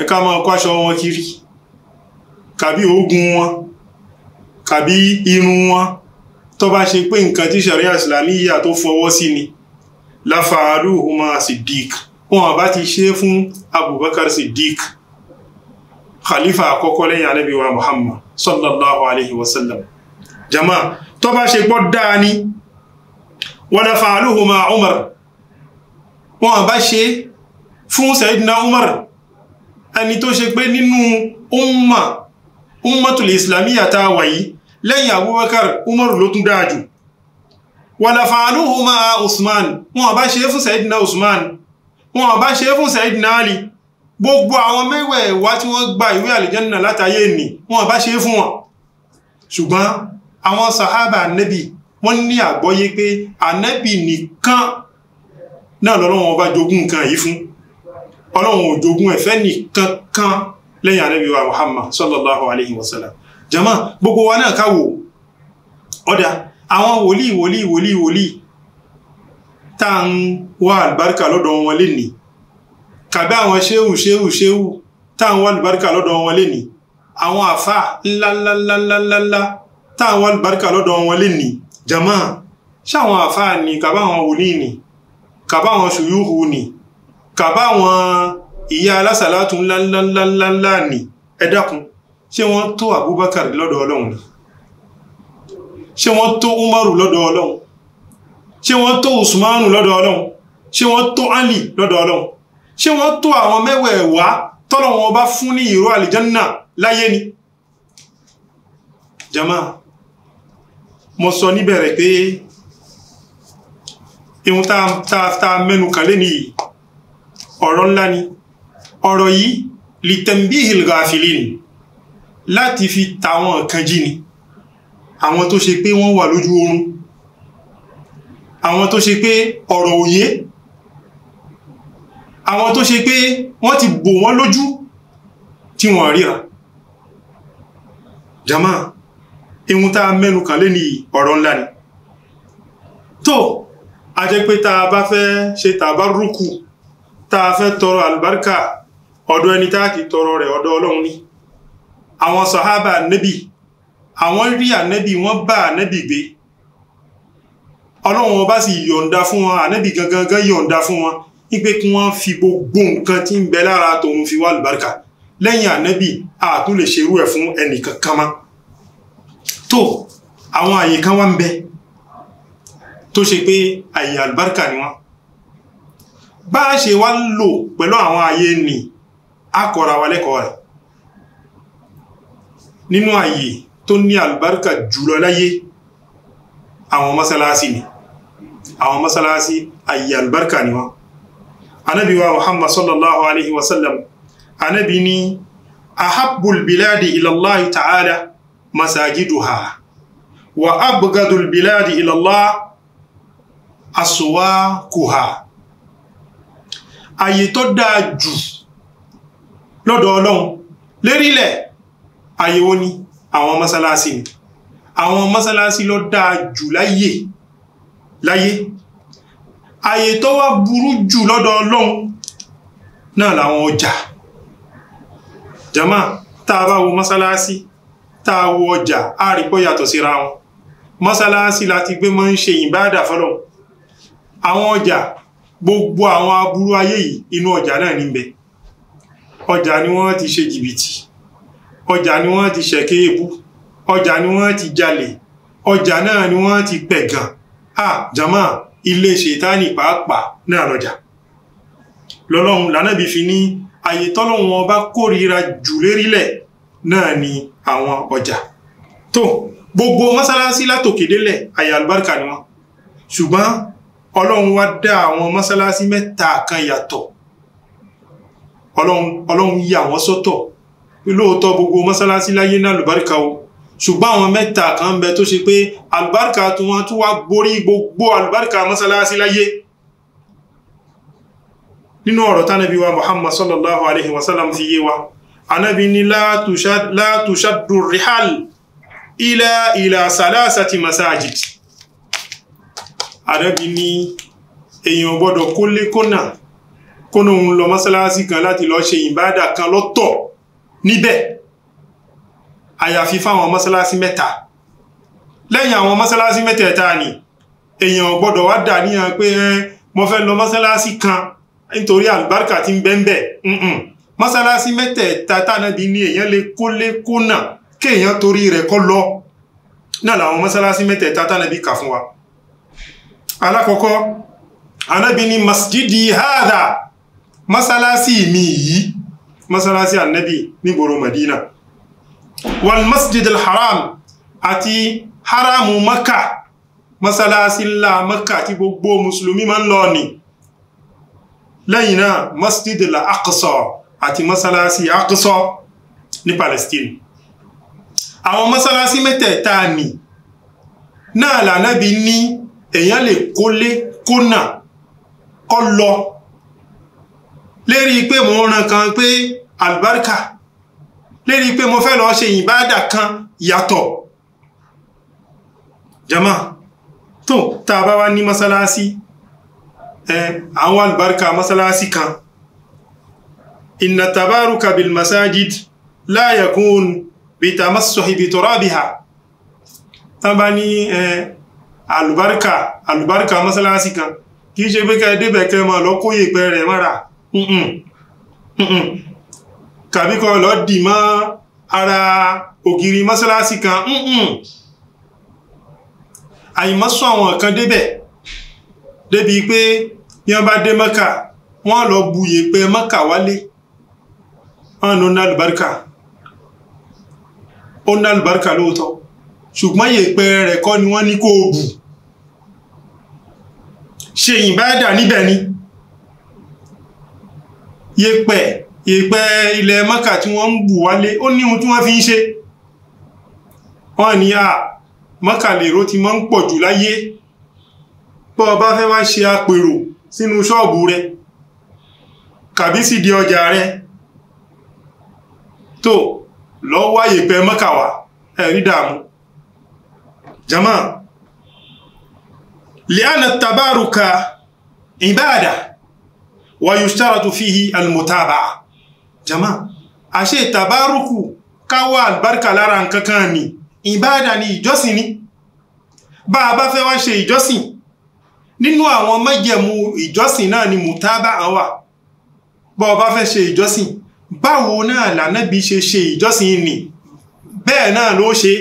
ẹ ká máa kó wọn kiri kàbí oògùn wọn tàbí irun wọn tó bá ṣe pé nǹkan tí sharia islamiyya tó fọwọ́ sí ni láfàárùhùmá siddiq wọn bá ti ṣe fún abubakar siddiq khalifa àkọ́kọ́ lẹ́yìn ànábì wa muhammad sallallahu alaihi wasallam jama tó bá ṣe pọ́ dáa ni wọ́n láfàárùhùmá umar wọn bá ṣe fún sayidina umar ẹni tó ṣe pé nínú umma ummatul islamiyya ta wáyìí lẹ́yìn abubakar umar ló tún dáa jù wàlàfààlùhùmá usman wọn bá ṣe fún sayidina usman wọn bá ṣe fún sayidina ali gbogbo àwọn mẹ́wẹ̀ẹ̀wá tí wọ́n gba ìwé àlìjẹ́nà látàyé nì wọn bá ṣe fún wọn ṣùgbọ́n àwọn sàhábà ànẹ́bì wọ́n ní àgbọ́yé pé ànẹ́bì nìkan náà lọ́lọ́wọ́n bá jogún nǹkan yìí fún ọlọ́wọ́n jogún ẹ̀fẹ́ nìkan kan lẹ́yìn ànẹ́bì wa muhammad sallallahu alayhi wa jàmá gbogbo wa náà káwò ọ̀dà àwọn wòlíì wòlíì wòlíì wòlíì tá à ń wá àlùbáríkà lọ́dọ̀ wọn lénìí kàbí àwọn ṣéwù ṣéwù ṣéwù tá à ń wá àlùbáríkà lọ́dọ̀ wọn lénìí àwọn àfa ńláńláńláńláńlá tá à ń wá àlùbáríkà lọ́dọ̀ wọn lénìí jàmá ṣáwọn àfa ni kàbá àwọn wòlíì ni kàbá àwọn ṣùyúhù ni kàbá àwọn ìyá alásàlátù ńláńláńláńlá ni ẹ dákun ṣé wọ́n tó Abubakar lọ́dọ̀ Ọlọ́run ṣé wọ́n tó Umaru lọ́dọ̀ Ọlọ́run ṣé wọ́n tó Usmanu lọ́dọ̀ Ọlọ́run ṣé wọ́n tó Ali lọ́dọ̀ Ọlọ́run ṣé wọ́n tó àwọn mẹ́wẹ̀ẹ̀wá tọ́lọ̀ wọn bá fún ní ìró àlìjánná láyé ni jama mo sọ níbẹ̀rẹ̀ pé ihun tá mẹ́nu kàn lé ọ̀rọ̀ ńlá ni ọ̀rọ̀ yìí lìtẹ̀mbíhìl gàfìlì láti fi tàwọn kan jí ni àwọn tó ṣe pé wọ́n wà lójú oorun àwọn tó ṣe pé ọ̀rọ̀ òye àwọn tó ṣe pé wọ́n ti bò wọ́n lójú tí wọ́n ríra jama ihun tá a mẹ́nu kàn lé ní ọ̀rọ̀ ńlá ni tó a jẹ́ pé tá a bá fẹ́ ṣe tàbárùkù tá a fẹ́ tọrọ àlùbáríkà ọ̀dọ̀ ẹni tá a kì í tọrọ rẹ̀ ọ̀dọ̀ Ọlọ́run ni àwọn sọ̀hábà ànẹ́bì àwọn rí ànẹ́bì wọ́n bá ànẹ́bì gbé ọlọ́run ọba sì yọ̀ǹda fún wọn ànẹ́bì gangan gan yọ̀ǹda fún wọn wípé kí wọ́n fi gbogbo nǹkan tí ń bẹ lára tòun fi wá àlùbáríkà lẹ́yìn ànẹ́bì àtún lè ṣerú ẹ̀ fún ẹnìkan kan mọ́ tó àwọn àyè kan wá ń bẹ tó ṣe pé àyè àlùbáríkà ni wọ́n bá a ṣe wá ń lò pẹ̀lú àwọn àyè nì akọ̀ra wa lẹ́kọ̀ọ́ rẹ̀ nínú ààyè tó ní àlùbáríkà jùlọ láyé àwọn masalasi ni àwọn masalasi ààyè àlùbáríkà ni wọn anabi wa muhammad sallallahu alaihi wasallam anabi ni ahabbul biladi ilallahi ta'ala masajiduha wa abgadul biladi ilallah aswaquha ààyè tó dáa jù lọ́dọ̀ ọlọ́run lérílẹ̀ àyẹ̀wò ni àwọn mọ́sálásí ni àwọn mọ́sálásí ló dáa jù láyé láyé àyè tó wá burú jù lọ́dọ̀ ọlọ́run náà làwọn ọjà jama tá a bá wo mọ́sálásí tá a wo ọjà á rí pọ́ yàtọ̀ síra wọn mọ́sálásí láti gbé mọ́ ń ṣe ìbádà fọ́lọ̀ àwọn ọjà gbogbo àwọn aburú ayé yìí inú ọjà náà ní ọjà ni wọ́n ti ṣe jìbìtì ọjà ni wọ́n ti ṣẹ̀kẹ́ èbú ọjà ni wọ́n ti jalè ọjà náà ni wọ́n ti pẹ̀gàn à jama ilé ṣètánì pàápàá náà lọ́jà lọ́lọ́run lànàbí fi ní àyè tọ́lọ́run ọba kórìíra jù lérílẹ̀ náà ni àwọn ọjà tó gbogbo mọ́sálásí látòkèdélẹ̀ àyè àlùbáríkà ni wọ́n ṣùgbọ́n ọlọ́run wá dá àwọn mọ́sálásí mẹ́ta kan yàtọ̀ ọlọ́run yà wọ́n sọ́tọ̀ lóòótọ́ gbogbo mọ́sálásí láyé ní àlùbáríkà o ṣùgbọ́n àwọn mẹ́ta kan bẹ tó ṣe pé àlùbáríkà tí wọ́n tún wá borí gbogbo àlùbáríkà mọ́sálásí láyé nínú ọ̀rọ̀ tánàbí wa muhammad sallallahu alaihi wasallam fi yé wa anábi ni la tushaddu rihal masajid anábi ni èèyàn gbọ́dọ̀ kólé kónà kónà òun lọ mọ́sálásí kan láti lọ ṣe ìbádà kan lọ́tọ̀ọ́ níbẹ̀ àyàfi fáwọn mọ́sálásí mẹ́ta lẹ́yìn àwọn mọ́sálásí mẹ́tẹ̀ẹ̀ta ni èèyàn gbọ́dọ̀ wá dà níyàn pé mo fẹ́ lọ mọ́sálásí kan nítorí àlùbáríkà ti ń bẹ́ńbẹ̀ mọ́sálásí mẹ́tẹ̀ẹ̀ta tánàbí ni èèyàn lè kólé kónà kéèyàn torí rẹ̀ kọ́ lọ náà làwọn mọ́sálásí mẹ́tẹ̀ẹ̀ta tánàbí kà fún wa alákọ̀ọ́kọ́ anábì ni masjidi hadha mọ́sálásí mi yìí mọ́sálásí ànábì nígboro madina wal masjid al-haram àti haramu makka mọ́sálásí ńlá makka tí gbogbo musulmi ma ń lọ ní lẹ́yìn náà masjid al-aqsa àti mọ́sálásí aqsa ní palestine àwọn mọ́sálásí mẹ́tẹ̀ẹ̀ta ni náà lànábi ní èèyàn lè kólé kónà kọ́ lọ lérí pé mò kan pé àlùbáríkà lérí pé mo fẹ́ lọ ṣe ìbáàdà kan yàtọ̀ jama tó tá a bá wá ní mọ́sálásí ẹ àwọn àlùbáríkà mọ́sálásí kan inna tabaruka bil masajid la yakun bi tamassuhi bi turabiha tán bá ní ẹ àlùbáríkà àlùbáríkà mọ́sálásí kan kìí ṣe pé ká débẹ̀ kẹ́ lọ kóyè pẹ́ rẹ̀ mọ́ra tàbí kọ́ lọ dì mọ́ ara ògiri mọ́sálásí kan àìmọ́sọ àwọn kan débẹ̀ débi pé bí wọ́n bá dé mọ́kà wọ́n lọ bu yèpẹ̀ mọ́kà wálé wọ́n lọ ná àlùbáríkà ó ná àlùbáríkà lóòótọ́ ṣùgbọ́n yèpẹ̀ rẹ̀ kọ́ ni wọ́n ní kó o bù ṣe ìbáyàdà níbẹ̀ ni yèpẹ̀ ìpẹ́ ilẹ̀ mọ́kà tí wọ́n ń bù wálé ó ní ohun tí wọ́n fi ń ṣe wọ́n ní à mọ́kà lèrò ti mọ́ ń pọ̀ jù láyé bọ́ ọ fẹ́ wá ṣe àpérò sínú ṣọ́ọ̀bù rẹ kàbí sì di ọjà rẹ tó lọ wá ìpẹ́ mọ́kà wá ẹ̀rí dààmú jama liana tabaruka ibada wa yustaratu fihi almutaba'a jama àṣẹ ìtàbárùkù káwọ́ àlùbáríkà lára nǹkan kan ni ìbáàdà ni ìjọsìn ni bá a bá fẹ́ wá ṣe ìjọsìn nínú àwọn májẹ̀mú ìjọsìn náà ni mùtábà awa bá a bá fẹ́ ṣe ìjọsìn báwo náà lànàbí ṣe ṣe ìjọsìn ni bẹ́ẹ̀ náà ló ṣe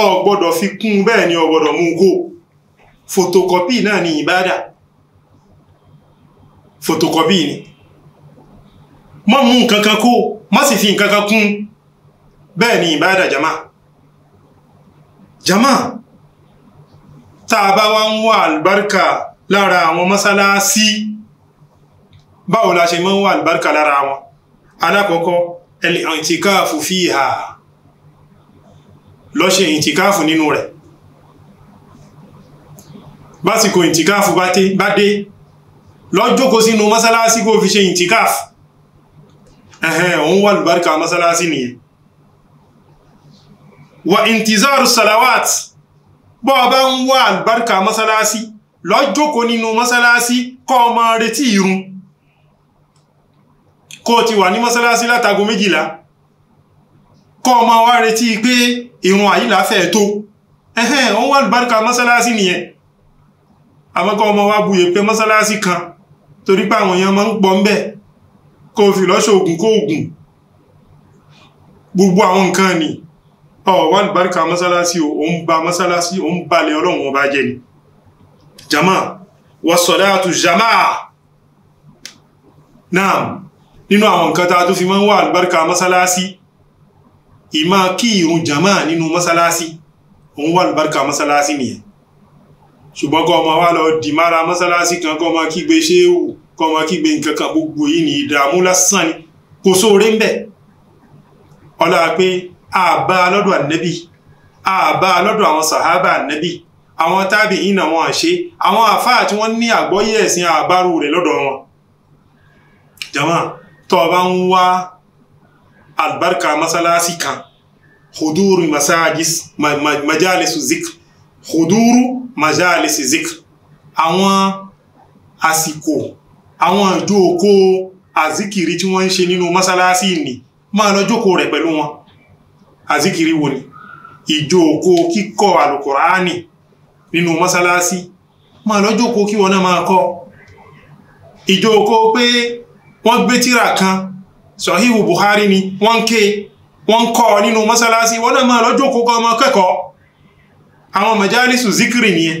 o gbọ́dọ̀ fi kún bẹ́ẹ̀ ni o gbọ́dọ̀ mú kó fotokọ́pì ni ìbáàdà fotokọ́pì ni má mú nǹkan kan kó má sì fi nǹkan kún bẹ́ẹ̀ ni ìbádà jama jama tá a bá wá ń wá àlùbáríkà lára àwọn mọ́sálásí báwo la ṣe máa ń wá àlùbáríkà lára wọn alákọ̀ọ́kọ́ ẹ̀lẹ́ǹtìkáàfù fíhà lọ́ṣẹ̀ ìtìkáàfù nínú rẹ̀ básìkò ìtìkáàfù bá dé lọ́jókòó sínú mọ́sálásí kó fi ṣe ìtìkáàfù òun wà lùbáríkà mọ́sálásí nìyẹn wa intizaru salawat bọ́ ọba ń wà lùbáríkà mọ́sálásí lọ́jọ́kọ́ nínú mọ́sálásí kọ́ ọmọ retí irun kó ti wà ní mọ́sálásí látago méjìlá kọ́ ọmọ wá retí pé irun àyílá fẹ́ tó ẹ̀hẹ́n òun wà lùbáríkà mọ́sálásí nìyẹn àmọ́kọ́ ọmọ wá buyè pé mọ́sálásí kan torí pé àwọn èèyàn máa ń pọ̀ ń bẹ́ẹ̀ kó o fi lọ́ṣọ oògùn kó oògùn gbogbo àwọn nǹkan ni ọ̀ wà mọ́sálásí o ń ba mọ́sálásí o ń balẹ̀ ọlọ́run ọba jẹ́ ni jama wa salatu jama náà nínú àwọn nǹkan ta tó fi mọ́ wà lùbáríkà mọ́sálásí ìmá kí ìrun jama nínú mọ́sálásí òun wà lùbáríkà mọ́sálásí nìyẹn ṣùgbọ́n kọ́ ọmọ wa lọ dìmára mọ́sálásí kan kọ́ ọmọ kígbe ṣéwù kọ́ máa kígbe nǹkan kan gbogbo yìí ní ìdààmú lásán ni kò sóore ń bẹ̀ ọlá pé àbá lọ́dọ̀ ànẹ́bì àbá lọ́dọ̀ àwọn sàhábà ànẹ́bì àwọn tábì ìnà wọn ṣe àwọn àfáà tí wọ́n ní àgbọ́yé ẹ̀sìn àbárò rẹ̀ lọ́dọ̀ wọn jama tó bá ń wá albarka masalasi kan huduru masajis majalisu zikr huduru majalisu zikr àwọn àsìkò àwọn ìjókòó àzíkiri tí wọ́n ń ṣe nínú mọ́sálásí ni máa lọ jókòó rẹ̀ pẹ̀lú wọn àzíkiri wo ni ìjókòó kíkọ́ àlùkùránì nínú mọ́sálásí máa lọ jókòó kí wọn náà máa kọ́ ìjókòó pé wọ́n gbé tírà kan sọ̀híhù Buhari ni wọ́n ń ké wọ́n ń kọ́ nínú mọ́sálásí wọ́n náà máa lọ jókòó kọ́ ọmọ kẹ́kọ̀ọ́ àwọn màjálísù zikiri nìyẹn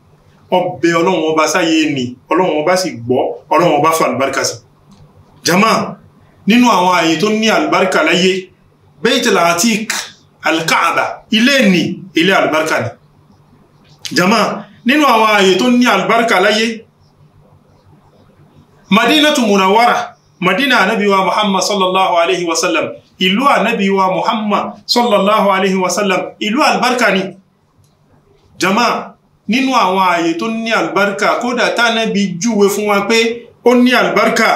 ọbẹ Ọlọ́run ọba sáyé ni Ọlọ́run ọba sì gbọ́ Ọlọ́run ọba fún àlùbáríkà sí jama nínú àwọn ààyè tó ní àlùbáríkà láyé Baitul Atiq alkaaba ilé ni ilé àlùbáríkà ni jama nínú àwọn ààyè tó ní àlùbáríkà láyé madinatu munawara madina anabiwa muhammad sallallahu alaihi wasallam ìlú anabiwa muhammad sallallahu alaihi wasallam ìlú àlùbáríkà ni jama nínú àwọn ààyè tó ní àlùbáríkà kódà tánẹ́bí júwe fún wa pé ó ní àlùbáríkà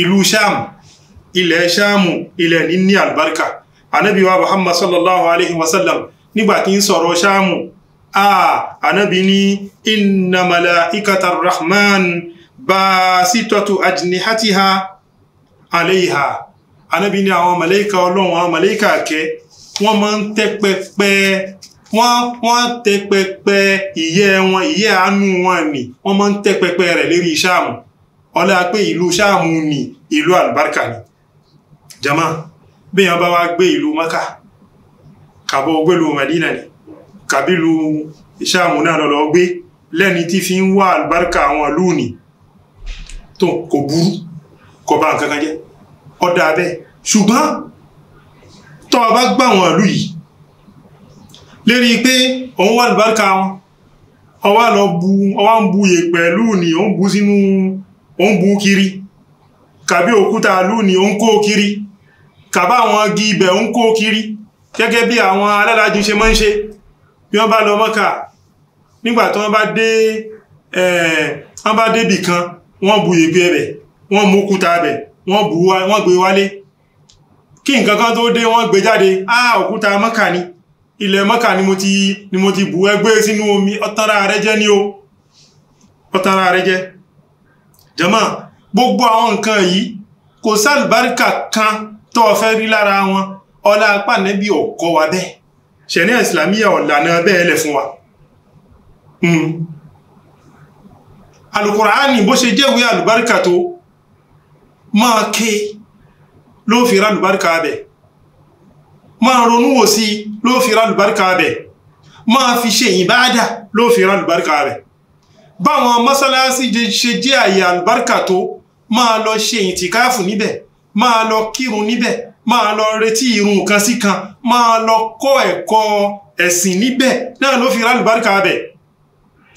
ìlú sáàmù ilẹ̀ sáàmù ilẹ̀ ní ní àlùbáríkà ànábì wa muhammad sallallahu alaihi wasallam nígbà tí ń sọ̀rọ̀ sáàmù a ànábì ní inna malaikata rahman basitatu ajnihatiha alaiha ànábì ní àwọn màláíkà ọlọ́run àwọn màláíkà wọ́n wọ́n tẹ pẹpẹ ìyẹ́ wọn ìyẹ́ àánú wọn ni wọ́n máa ń tẹ pẹpẹ rẹ̀ lérí sáàmù ọlá pé ìlú sáàmù ni ìlú àlùbáríkà ni jama bí yẹn bá wá gbé ìlú maka kàbọ̀ gbélu madina ni kàbílu sáàmù náà lọ́lọ́ gbé lẹ́ni tí fi ń wá àlùbáríkà àwọn ìlú ni tó kò burú kò bá nǹkan kan jẹ́ ọ̀dà bẹ́ẹ̀ ṣùgbọ́n tọ́ ọ bá gbà wọn ìlú yìí lérí pé òun wà lùbáríkà wọn lọ bu ọwá ń bu yèpẹ̀ ni ó ń bu sínú ó ń bu kiri kàbí òkúta lóòní ó ń kó kiri kàbá àwọn igi ibẹ̀ ó ń kó kiri gẹ́gẹ́ bí àwọn alálàájú ṣe máa ń ṣe bí wọ́n bá lọ mọ́kà nígbà tí wọ́n bá dé wọ́n bá kan wọ́n bu yèpẹ̀ bẹ̀ wọ́n mú òkúta bẹ̀ wọ́n bu wọ́n gbé wálé kí nǹkan kan tó dé wọ́n gbé jáde òkúta mọ́kà ni ilẹ̀ mọ́kà ni mo ti ni mo ti bù ẹgbẹ́ sínú omi ọ̀tara rẹ jẹ́ ní o ọ̀tara rẹ jẹ́ jẹ́mọ́ gbogbo àwọn nǹkan yìí kò sálùbáríkà kan tó ọ̀fẹ́ rí lára wọn ọlá apá nẹ́bí ọ̀kọ́ wa bẹ́ẹ̀ ṣẹ̀ní ìsìlámíyà ọ̀lànà bẹ́ẹ̀ lẹ̀ fún wa hmm. alukùránì bó ṣe jẹ́wé alùbáríkà tó máa ké ló fi rálùbáríkà bẹ́ẹ̀ Ma ronú wò sí ló fi ra lùbáríkà bẹ̀ máa fi ṣe ìbáadà ló fi ra lùbáríkà bẹ̀ báwọn mọ́sálásí ṣe jẹ́ àyè àlùbáríkà tó ma lọ ṣe ìtìkáàfù níbẹ̀ ma lọ kírun níbẹ̀ ma lọ retí irun kan sí kan máa lọ kọ́ ẹ̀kọ́ ẹ̀sìn níbẹ̀ náà ló fi ra lùbáríkà bẹ̀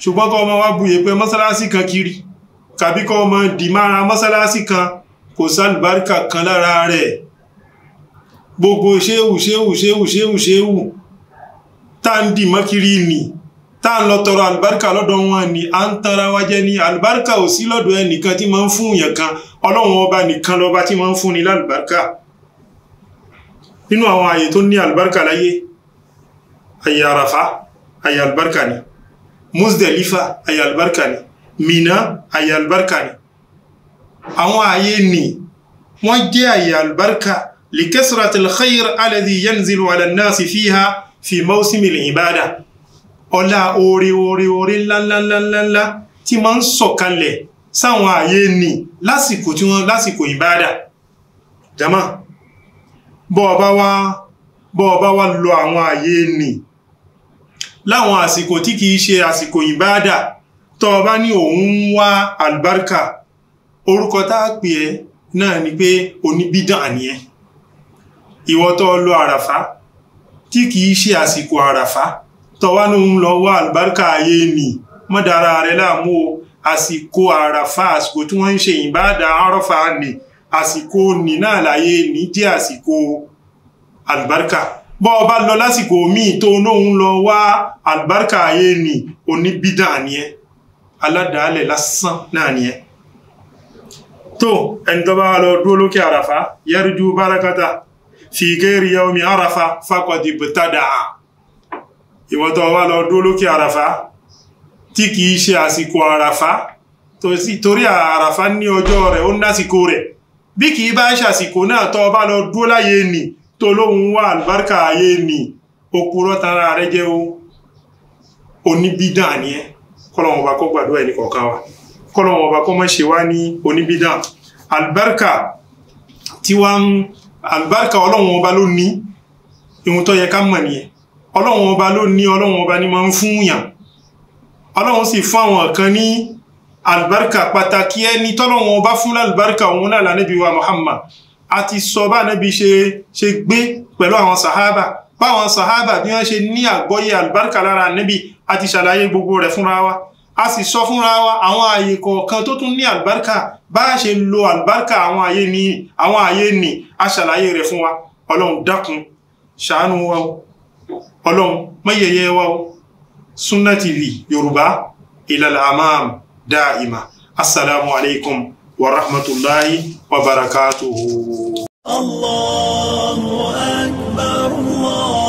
ṣùgbọ́n kọ́ ọmọ wa buyè pé mọ́sálásí kan kiri kàbí kọ́ ọmọ dì mára mọ́sálásí kan kò sálùbáríkà kan lára rẹ̀ gbogbo ṣéwù ṣéwù ṣéwù ṣéwù ṣéwù tá ń dì mọ́kiri nì tá ń lọ tọrọ àlùbáríkà lọ́dọ̀ wọn ni à ń tara wa jẹ́ ní àlùbáríkà ò sí lọ́dọ̀ ẹnìkan tí máa ń fún yàn kan ọlọ́run ọba nìkan lọ́ba tí máa ń fún ni lálùbáríkà nínú àwọn àyè tó ní àlùbáríkà láyé àyè àràfá àyè àlùbáríkà ni Muzdalifa àyè àlùbáríkà ni Mina àyè àlùbáríkà ni àwọn àyè nì wọ́n jẹ́ àyè àlùbáríkà لكثرة الخير الذي ينزل على الناس فيها في موسم العبادة ọlá oore oore oore ńláńláńláńlá tí máa ń sọ̀kalẹ̀ sáwọn ààyè nì lásìkò tí wọ́n lásìkò ìbáadà jama bọ́ọ̀bá wá bọ́ọ̀bá wá lọ àwọn ààyè nì láwọn àsìkò tí kìí ṣe àsìkò ìbáadà tọ́ọ̀bá ní òun ń wá àlùbáríkà orúkọ tá a pè ẹ́ náà ni pé oníbídàn nìyẹn ìwọ tó lọ àràfá tí kìí ṣe àsìkò àràfá tọ́wánú ń lọ wá àlùbáríkà ayé nì mọ́dára rẹ láàmú o àsìkò àràfá àsìkò tí wọ́n ń ṣe ìbáàdà àrọ́fà nì àsìkò nì náà láyé nì jẹ́ àsìkò àlùbáríkà bọ́ ọ bá lọ lásìkò míì tó lóun lọ wá àlùbáríkà ayé nì oníbídà nìyẹn aládàálẹ̀ lásán náà nìyẹn tó ẹni tó bá lọ dúró lókè àràfá yẹrìjú bárakátà fi gẹ́rì yaomi arafa fákọ̀dì bùtádà ìwọ́tọ̀ wá lọ dúró arafa tí kìí ṣe àsìkò arafa torí arafa ní ọjọ́ rẹ̀ ó násìkò rẹ̀ bí kìí bá ṣàsìkò náà tọ́ bá lọ dúró láyé nì tó lóhun wá àlùbáríkà ayé nì òpùrọ́ tara rẹ̀ jẹ́ o oníbídà ni kọ́lọ̀wọ̀n ọba kó gbàdúrà ẹni kọ̀ọ̀kan wa kọ́lọ̀wọ̀n ọba kó má ṣe wá ní oníbídà àlùbáríkà tí wá ń àlùbáríkà ọlọ́run ọba ló ní ìhun tó yẹ ká mọ̀ nìyẹn ọlọ́run ọba ló ní ọlọ́run ọba ní máa ń fún yàn ọlọ́run sì fún àwọn kan ní àlùbáríkà pàtàkì ẹni tọ́lọ́run ọba fún àlùbáríkà òun náà lànàbí wa Muhammad àti sọ bá ànàbí ṣe ṣe gbé pẹ̀lú àwọn sàhábà báwọn sàhábà bí wọ́n ṣe ní àgbọ́yé àlùbáríkà lára ànàbí àti ṣàlàyé gbogbo rẹ̀ fúnra wa a sì sọ fúnra wa àwọn àyè kọ̀ọ̀kan tó tún ní àlùbáríkà bá a ṣe lo àlùbáríkà àwọn àyè ní àwọn àyè ní a ṣàlàyé rẹ̀ fún wa ọlọ́run dákun ṣàánú wa o ọlọ́run mọ́yẹyẹ wa o TV yorùbá ilal amam dáìmà assalamu alaikum wa rahmatullahi wa barakatuhu. Allahu akbar Allah.